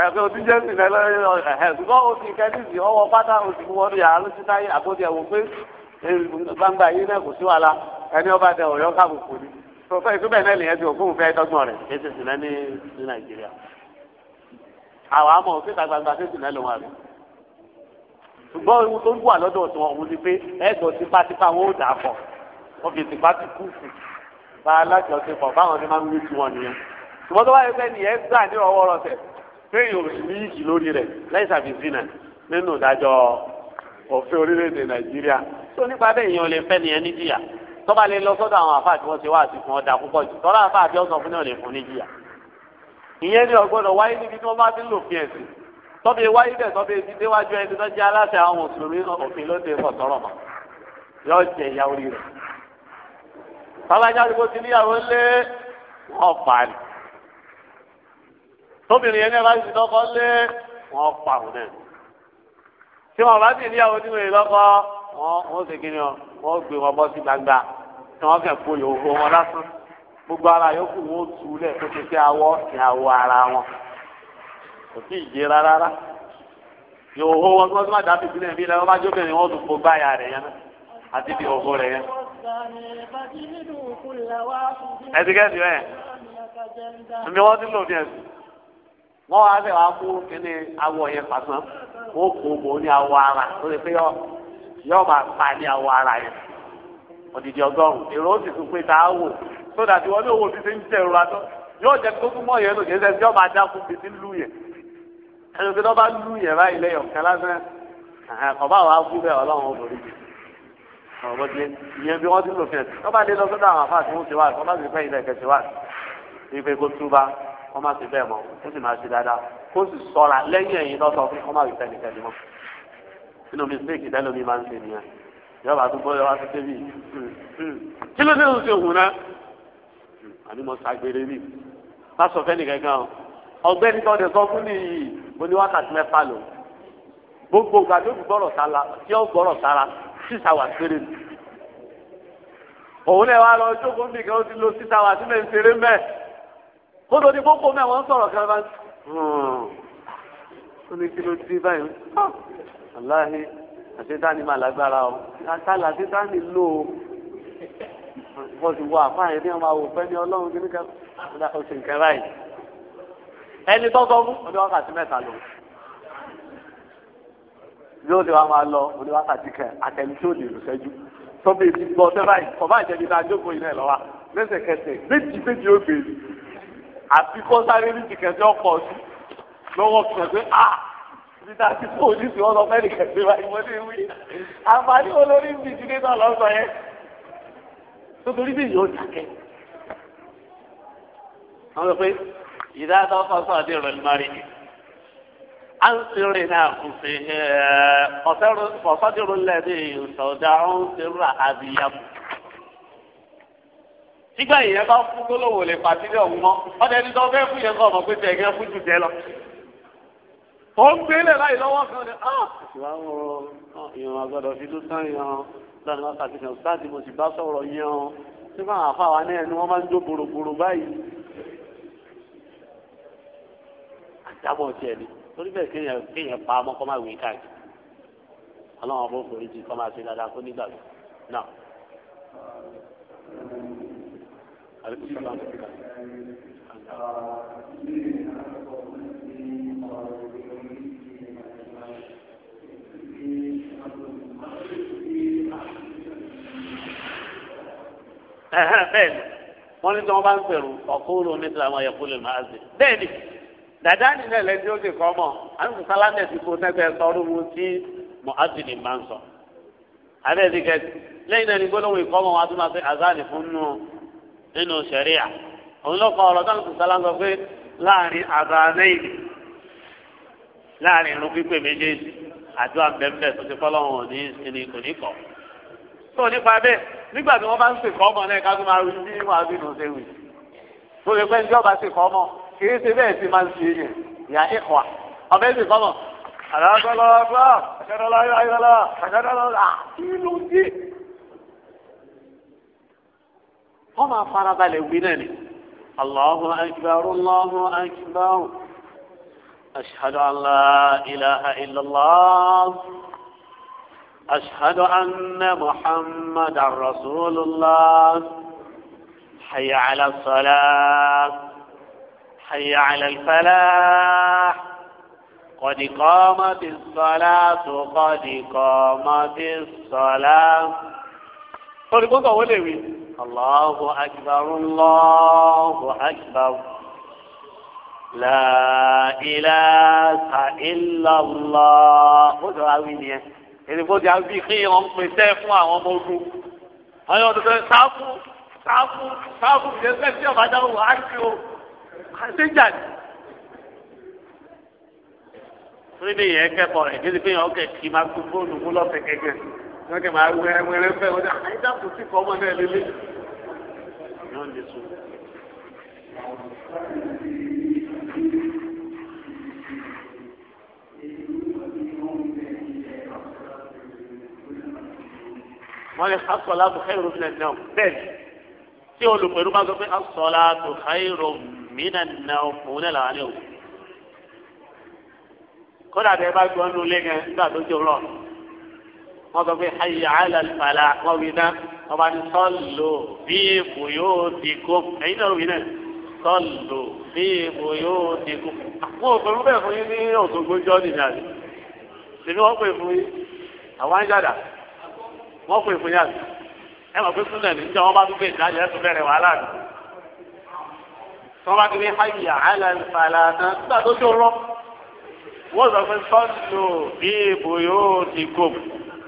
ẹ̀fẹ́ òtúnjẹ́ sì lọ́wọ́ ẹ̀hẹ́ oṣù kẹ́sìsì ọwọ́ pátá oṣù wọnú yàrá ló táyé àgbọ̀dẹ̀ wò pé gbangba yìí náà kò sí wàhálà ẹni ọba dẹ ọ̀yọ́ káàbùkù ni sọfẹ́ ìtúbẹ̀ náà lèyẹn ti òfóun fẹ́ dọ́gbọ̀n rẹ̀ kẹ́sìsì náà ní nàìjíríà àwọn àmọ̀ òṣìṣẹ́ gbangba kẹ́sìsì náà ló rẹ̀ ṣùgbọ́n ohun tó ń wà lọ́dọ̀ tí wọ́n ti pé ẹ̀gbọ́n kéèyàn ò sí méjì lórí rẹ̀ láì sàbìsínà nínú ìdájọ́ òfin orílẹ̀-èdè nàìjíríà tó nípa bẹ́ẹ̀ èèyàn lè fẹ́ nìyẹn níjìyà tọ́ba lè lọ sọ́dọ̀ àwọn àfáà tí wọ́n ti wá àti fún ọ̀dà púpọ̀ jù tọ́lá àfáà tí ọ̀sán fún náà lè fún níjìyà ìyẹn ni ọgbọ́dọ̀ wáyé níbi tí wọ́n bá ti ń lò fi ẹ̀sìn tọ́bi wáyé bẹ̀ tọ́bi ti déwájú ẹni tó jẹ́ aláṣẹ àwọn mùsùlùmí òfin ló dé fọ̀tọ́rọ̀ mọ́ yọ jẹ ìyá orí rẹ̀ tọ́ba jáde kó ti níyàwó lé ọ̀pá ni tóbìnrin yẹn ní ọba ti lọ́kọ lé wọn pa òun náà tí wọn bá sì ní àwọn oníwèé lọ́kọ wọn wọn sì kí ni ọ wọn gbé wọn bọ́ sí gbangba tí wọn kẹ̀ fún yòówó wọn lásán gbogbo ara yòókù wọn ó tu lẹ̀ tó ti fi awọ ní awọ ara wọn kò sí ìjẹ rárá rárá yòówó wọn tí wọn tún máa dá fìdí náà bí ilẹ̀ wọn bá jókèrè wọn tún fo gbáyà rẹ̀ yẹn náà àti bí òfò rẹ̀ yẹn. ẹ ti kẹ́ ẹ ti rẹ̀ mi wọ́n ti lò ní ẹ̀sìn wọ́n wá bẹ̀ wá kú kíní awọ yẹn pàṣán wọ́n kó bò ní awọ ara tó lè pé yọ máa pa ní awọ ara yẹn òdìdí ọgọ́rùn èrò ó sì tún pé tá a wò tó dàbí wọn ní owó ti ti ń tẹ̀ ìrora tó yóò jẹ́ kó tún mọ̀ yẹn lò jẹ́sẹ̀ tí wọ́n máa dá fún bìtì lù yẹn ẹni tí wọ́n bá yẹn báyìí lẹ́yìn ọ̀kẹ́ lásán ọba wa kú bẹ́ẹ̀ ọlọ́run ó borí ìyẹn bí wọ́n ti lò fẹ́ẹ̀ tí wọ́n lọ sọ́dọ̀ àwọn àfáà tí ti wá àti wọ́n bá ilẹ̀ kẹsì wá ìfẹ́ kó túbà kó má ṣe bẹ́ẹ̀ mọ́ kó sì máa ṣe dáadáa kó sì sọ́ra lẹ́yìn ẹ̀yìn lọ́sọ̀ fún kó má rí tẹ́nìtẹ́ni mọ́ nínú mistake tẹ́lómi máa ń ṣe nìyẹn ìjọba àdúgbò yọ wá sí débi kí ló dé tó ṣe òun náà àní mo ṣàgbére mi má sọ fẹ́ nìkan gan ọgbẹ́ni tó ọdẹ sọ fún mi yìí oníwákàtí mẹ́fà lò gbogbo ìgbà tó ti gbọ́rọ̀ sára tí ó gbọ́rọ̀ sára sísà wà péré mi òun lè wá lọ jókòó nìkan ó ti lo sísà wà sílẹ̀ ń mẹ́ẹ̀ ó lọ ní kókó mẹ́wọ́n ń sọ̀rọ̀ kan bá hmm. ó ní kí ló dé báyìí ah, aláhi àṣetáni máa lágbára o àtàlà àṣetáni lò ó wọ́n ti wọ àfáàyè ní ọmọ àwò fẹ́ ní ọlọ́run kí ní kan ó sì ń kẹ́ báyìí ẹni tó sọ fún ọdún wákàtí mẹ́ta lò yóò lè wá máa lọ ọdún wákàtí kẹ àtẹni tí ó lè lùsẹ́jú tó bí ibi gbọ́ tẹ́ báyìí kọ̀ bá ìjẹ́bi tá a jókòó yìí náà lọ́wọ́ lẹ́sẹ̀kẹsẹ̀ méjì méjì ó bèèrè àfi kọ́ sáré ní tìkẹ́ tí wọ́n pọ̀ sí lọ́wọ́ kìlọ̀ pé a títà tí kò ní sí wọn lọ fẹ́ nìkan pé wáyé wọ́n ní wí. àǹfààní olórí ń bì jíde náà lọ́sọ̀ yẹn nítorí bí yóò dákẹ́. wọ́n sọ pé ìdá àtọ́fọ́sọ́ àti ìrọ̀lẹ́ máa rí ni. à ń sèrè náà kù sí ọ̀sẹ́rù ọ̀sọ́dúnrún lẹ́ẹ̀dẹ́ ìṣọ̀dá ń sèrè àbíyá mu nígbà yìnyẹn bá fún gbólóhùn lè pàtílẹ̀ ọ̀hún mọ́ ọ̀dẹ ẹni tó fẹ́ fún yẹn kọ́ ọmọ pé tẹ̀ ẹ̀gẹ́ fún jùjẹ lọ. ó ń gbélé láì lọ́wọ́ kan ní. ìwà ń rọ ìran àgbàdo fi ló tán ìran lọ́nà wọn kàtí kan tí mo sì bá sọ̀rọ̀ yẹn tí máa fà wá náà ni wọ́n máa ń jó boroboro báyìí. àjábọ̀ tiẹ̀ ni torí bẹ́ẹ̀ kéèyàn pa ọmọ kọ́ àdìkú sọlá àti kíkà. bẹ́ẹ̀ni wọn ní tí wọn bá ń pèrò ọkùnrin onídìrí àwọn ẹyẹkú lè máa ṣe bẹ́ẹ̀ni dàda nínú ẹlẹdí ó sì kọ mọ àwọn sàlámẹ ti kó nẹgbẹ sọ̀rọ̀ wọn tí mọ̀ásìlì máa ń sọ. àbẹ́ẹ̀dì kẹ́sì lẹ́yìn náà ní gbólóhùn ìkọ́mọ̀ wọn a tún máa ṣe àzáàlì fún nù nínú sẹ̀ríà òun ló kọ ọ̀rọ̀ táwọn sọ̀tà láńgọ̀ pé láàrin àbámẹ́yìn láàrin irun pípé méjèèjì àdúrà bẹ́ẹ̀ tó ti fọ́lọ́hún òní ìsinmi kò ní kọ̀. tó nípa bẹ́ẹ̀ nígbà tí wọ́n bá ń sèkọ́ ọmọ náà ká tó máa rí bí wàá bí nùsẹ̀ wì. tó lè pẹ́ ní ọba sèkọ́ ọmọ kì í ṣe bẹ́ẹ̀ ti máa ń ṣe yẹn ìyá ìkọ̀ ọbẹ̀ sèkọ́ ọmọ. àlọ́ àgbọ̀lọ́ àgbọ̀ àṣẹ wọ́n máa farabalẹ̀ wí náà ni Allahu akbar Allahu akbar ashhadu an la ilaha illallah ashhadu anna muhammadan rasulullah hayya ala salah hayya ala falah qad qamatis salatu qad qamatis salah. Olùkọ́kọ̀ wọlé wí. Allahu akbar Allahu akbar la ilaha illallah ó sọ awí nìyẹn èdè fún ti àwọn bíi kí wọn pè sẹ fún àwọn ọmọ ogun àwọn yóò tẹ sáfù sáfù sáfù kì í sẹ sí ọ̀bájá wò á kí o àṣejà ni. torí bí ìyẹn kẹ́kọ̀ọ́ rẹ̀ kí ni pé yẹn ó kẹ̀ kí máa gbé fóònù mú lọ́sẹ̀ kẹ́kẹ́ wọ́n kẹ́ máa wẹ́rẹ́ wẹ́rẹ́ fẹ́ wọ́n dà àyíká kò sí kọ́ ọmọ náà lélẹ̀ yóò lè so. wọ́n lè asọ̀lá tó náà bẹ́ẹ̀ tí olùpẹ̀rù bá sọ pé asọ̀lá tó xẹ́rù mi náà fún náà làwọn ẹ̀ wò kódà bẹ́ẹ̀ bá gbọ́ nulẹ̀ gan nígbà tó jọ lọ́nà wọ́n sọ pé hayya ala al-fala wọ́n wí náà wọ́n bá ní sọ́ọ̀lù bí ipò yóò di kó ẹ̀yin náà wí náà sọ́ọ̀lù bí ipò yóò di kó. àwọn òpèrú bẹ́ẹ̀ fún yín ní òṣogbo jọ́ọ̀nì ní àná tèmi pè fún yín àwọn ajáda wọ́n pè fún yín ẹ mọ̀ pé súnlẹ̀ níjọ wọn bá tún bẹ̀ jáde ẹ̀ tún bẹ̀rẹ̀ wàhálà ni. sọ́ba kiri hayya ala al náà nígbà tó tó rọ́ wọ́n sọ pé sọ́ọ̀lù bí ipò yóò di kó.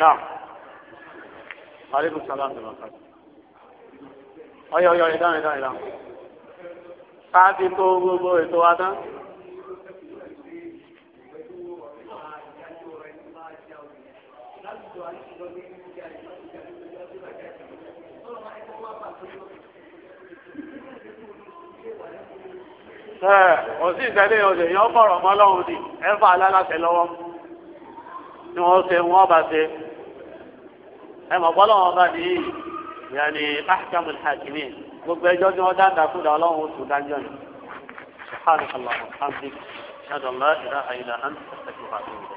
náà aleykum salaam ṣe lọ́kàn. ọyọ ọyọ ìdáhùn ìdáhùn ìdáhùn. káàdì tó gbogbo ètò wa tán. ẹ ò sí ìtẹ́lẹ̀ ọ̀sẹ̀ yẹn ó bọ̀rọ̀ mọ́ lọ́wọ́ ni ẹ fà á lálàsẹ̀ lọ́wọ́ tí wọ́n ṣe wọ́n bá ṣe ẹ mọ̀ bọ́lá wọn bá ní yàní ahkamu hakimi gbogbo ẹjọ́ tí wọ́n dáńdá fún da ọlọ́run oṣù dájọ́ ni. سبحانك اللهم وبحمدك اشهد ان لا اله الا انت استغفرك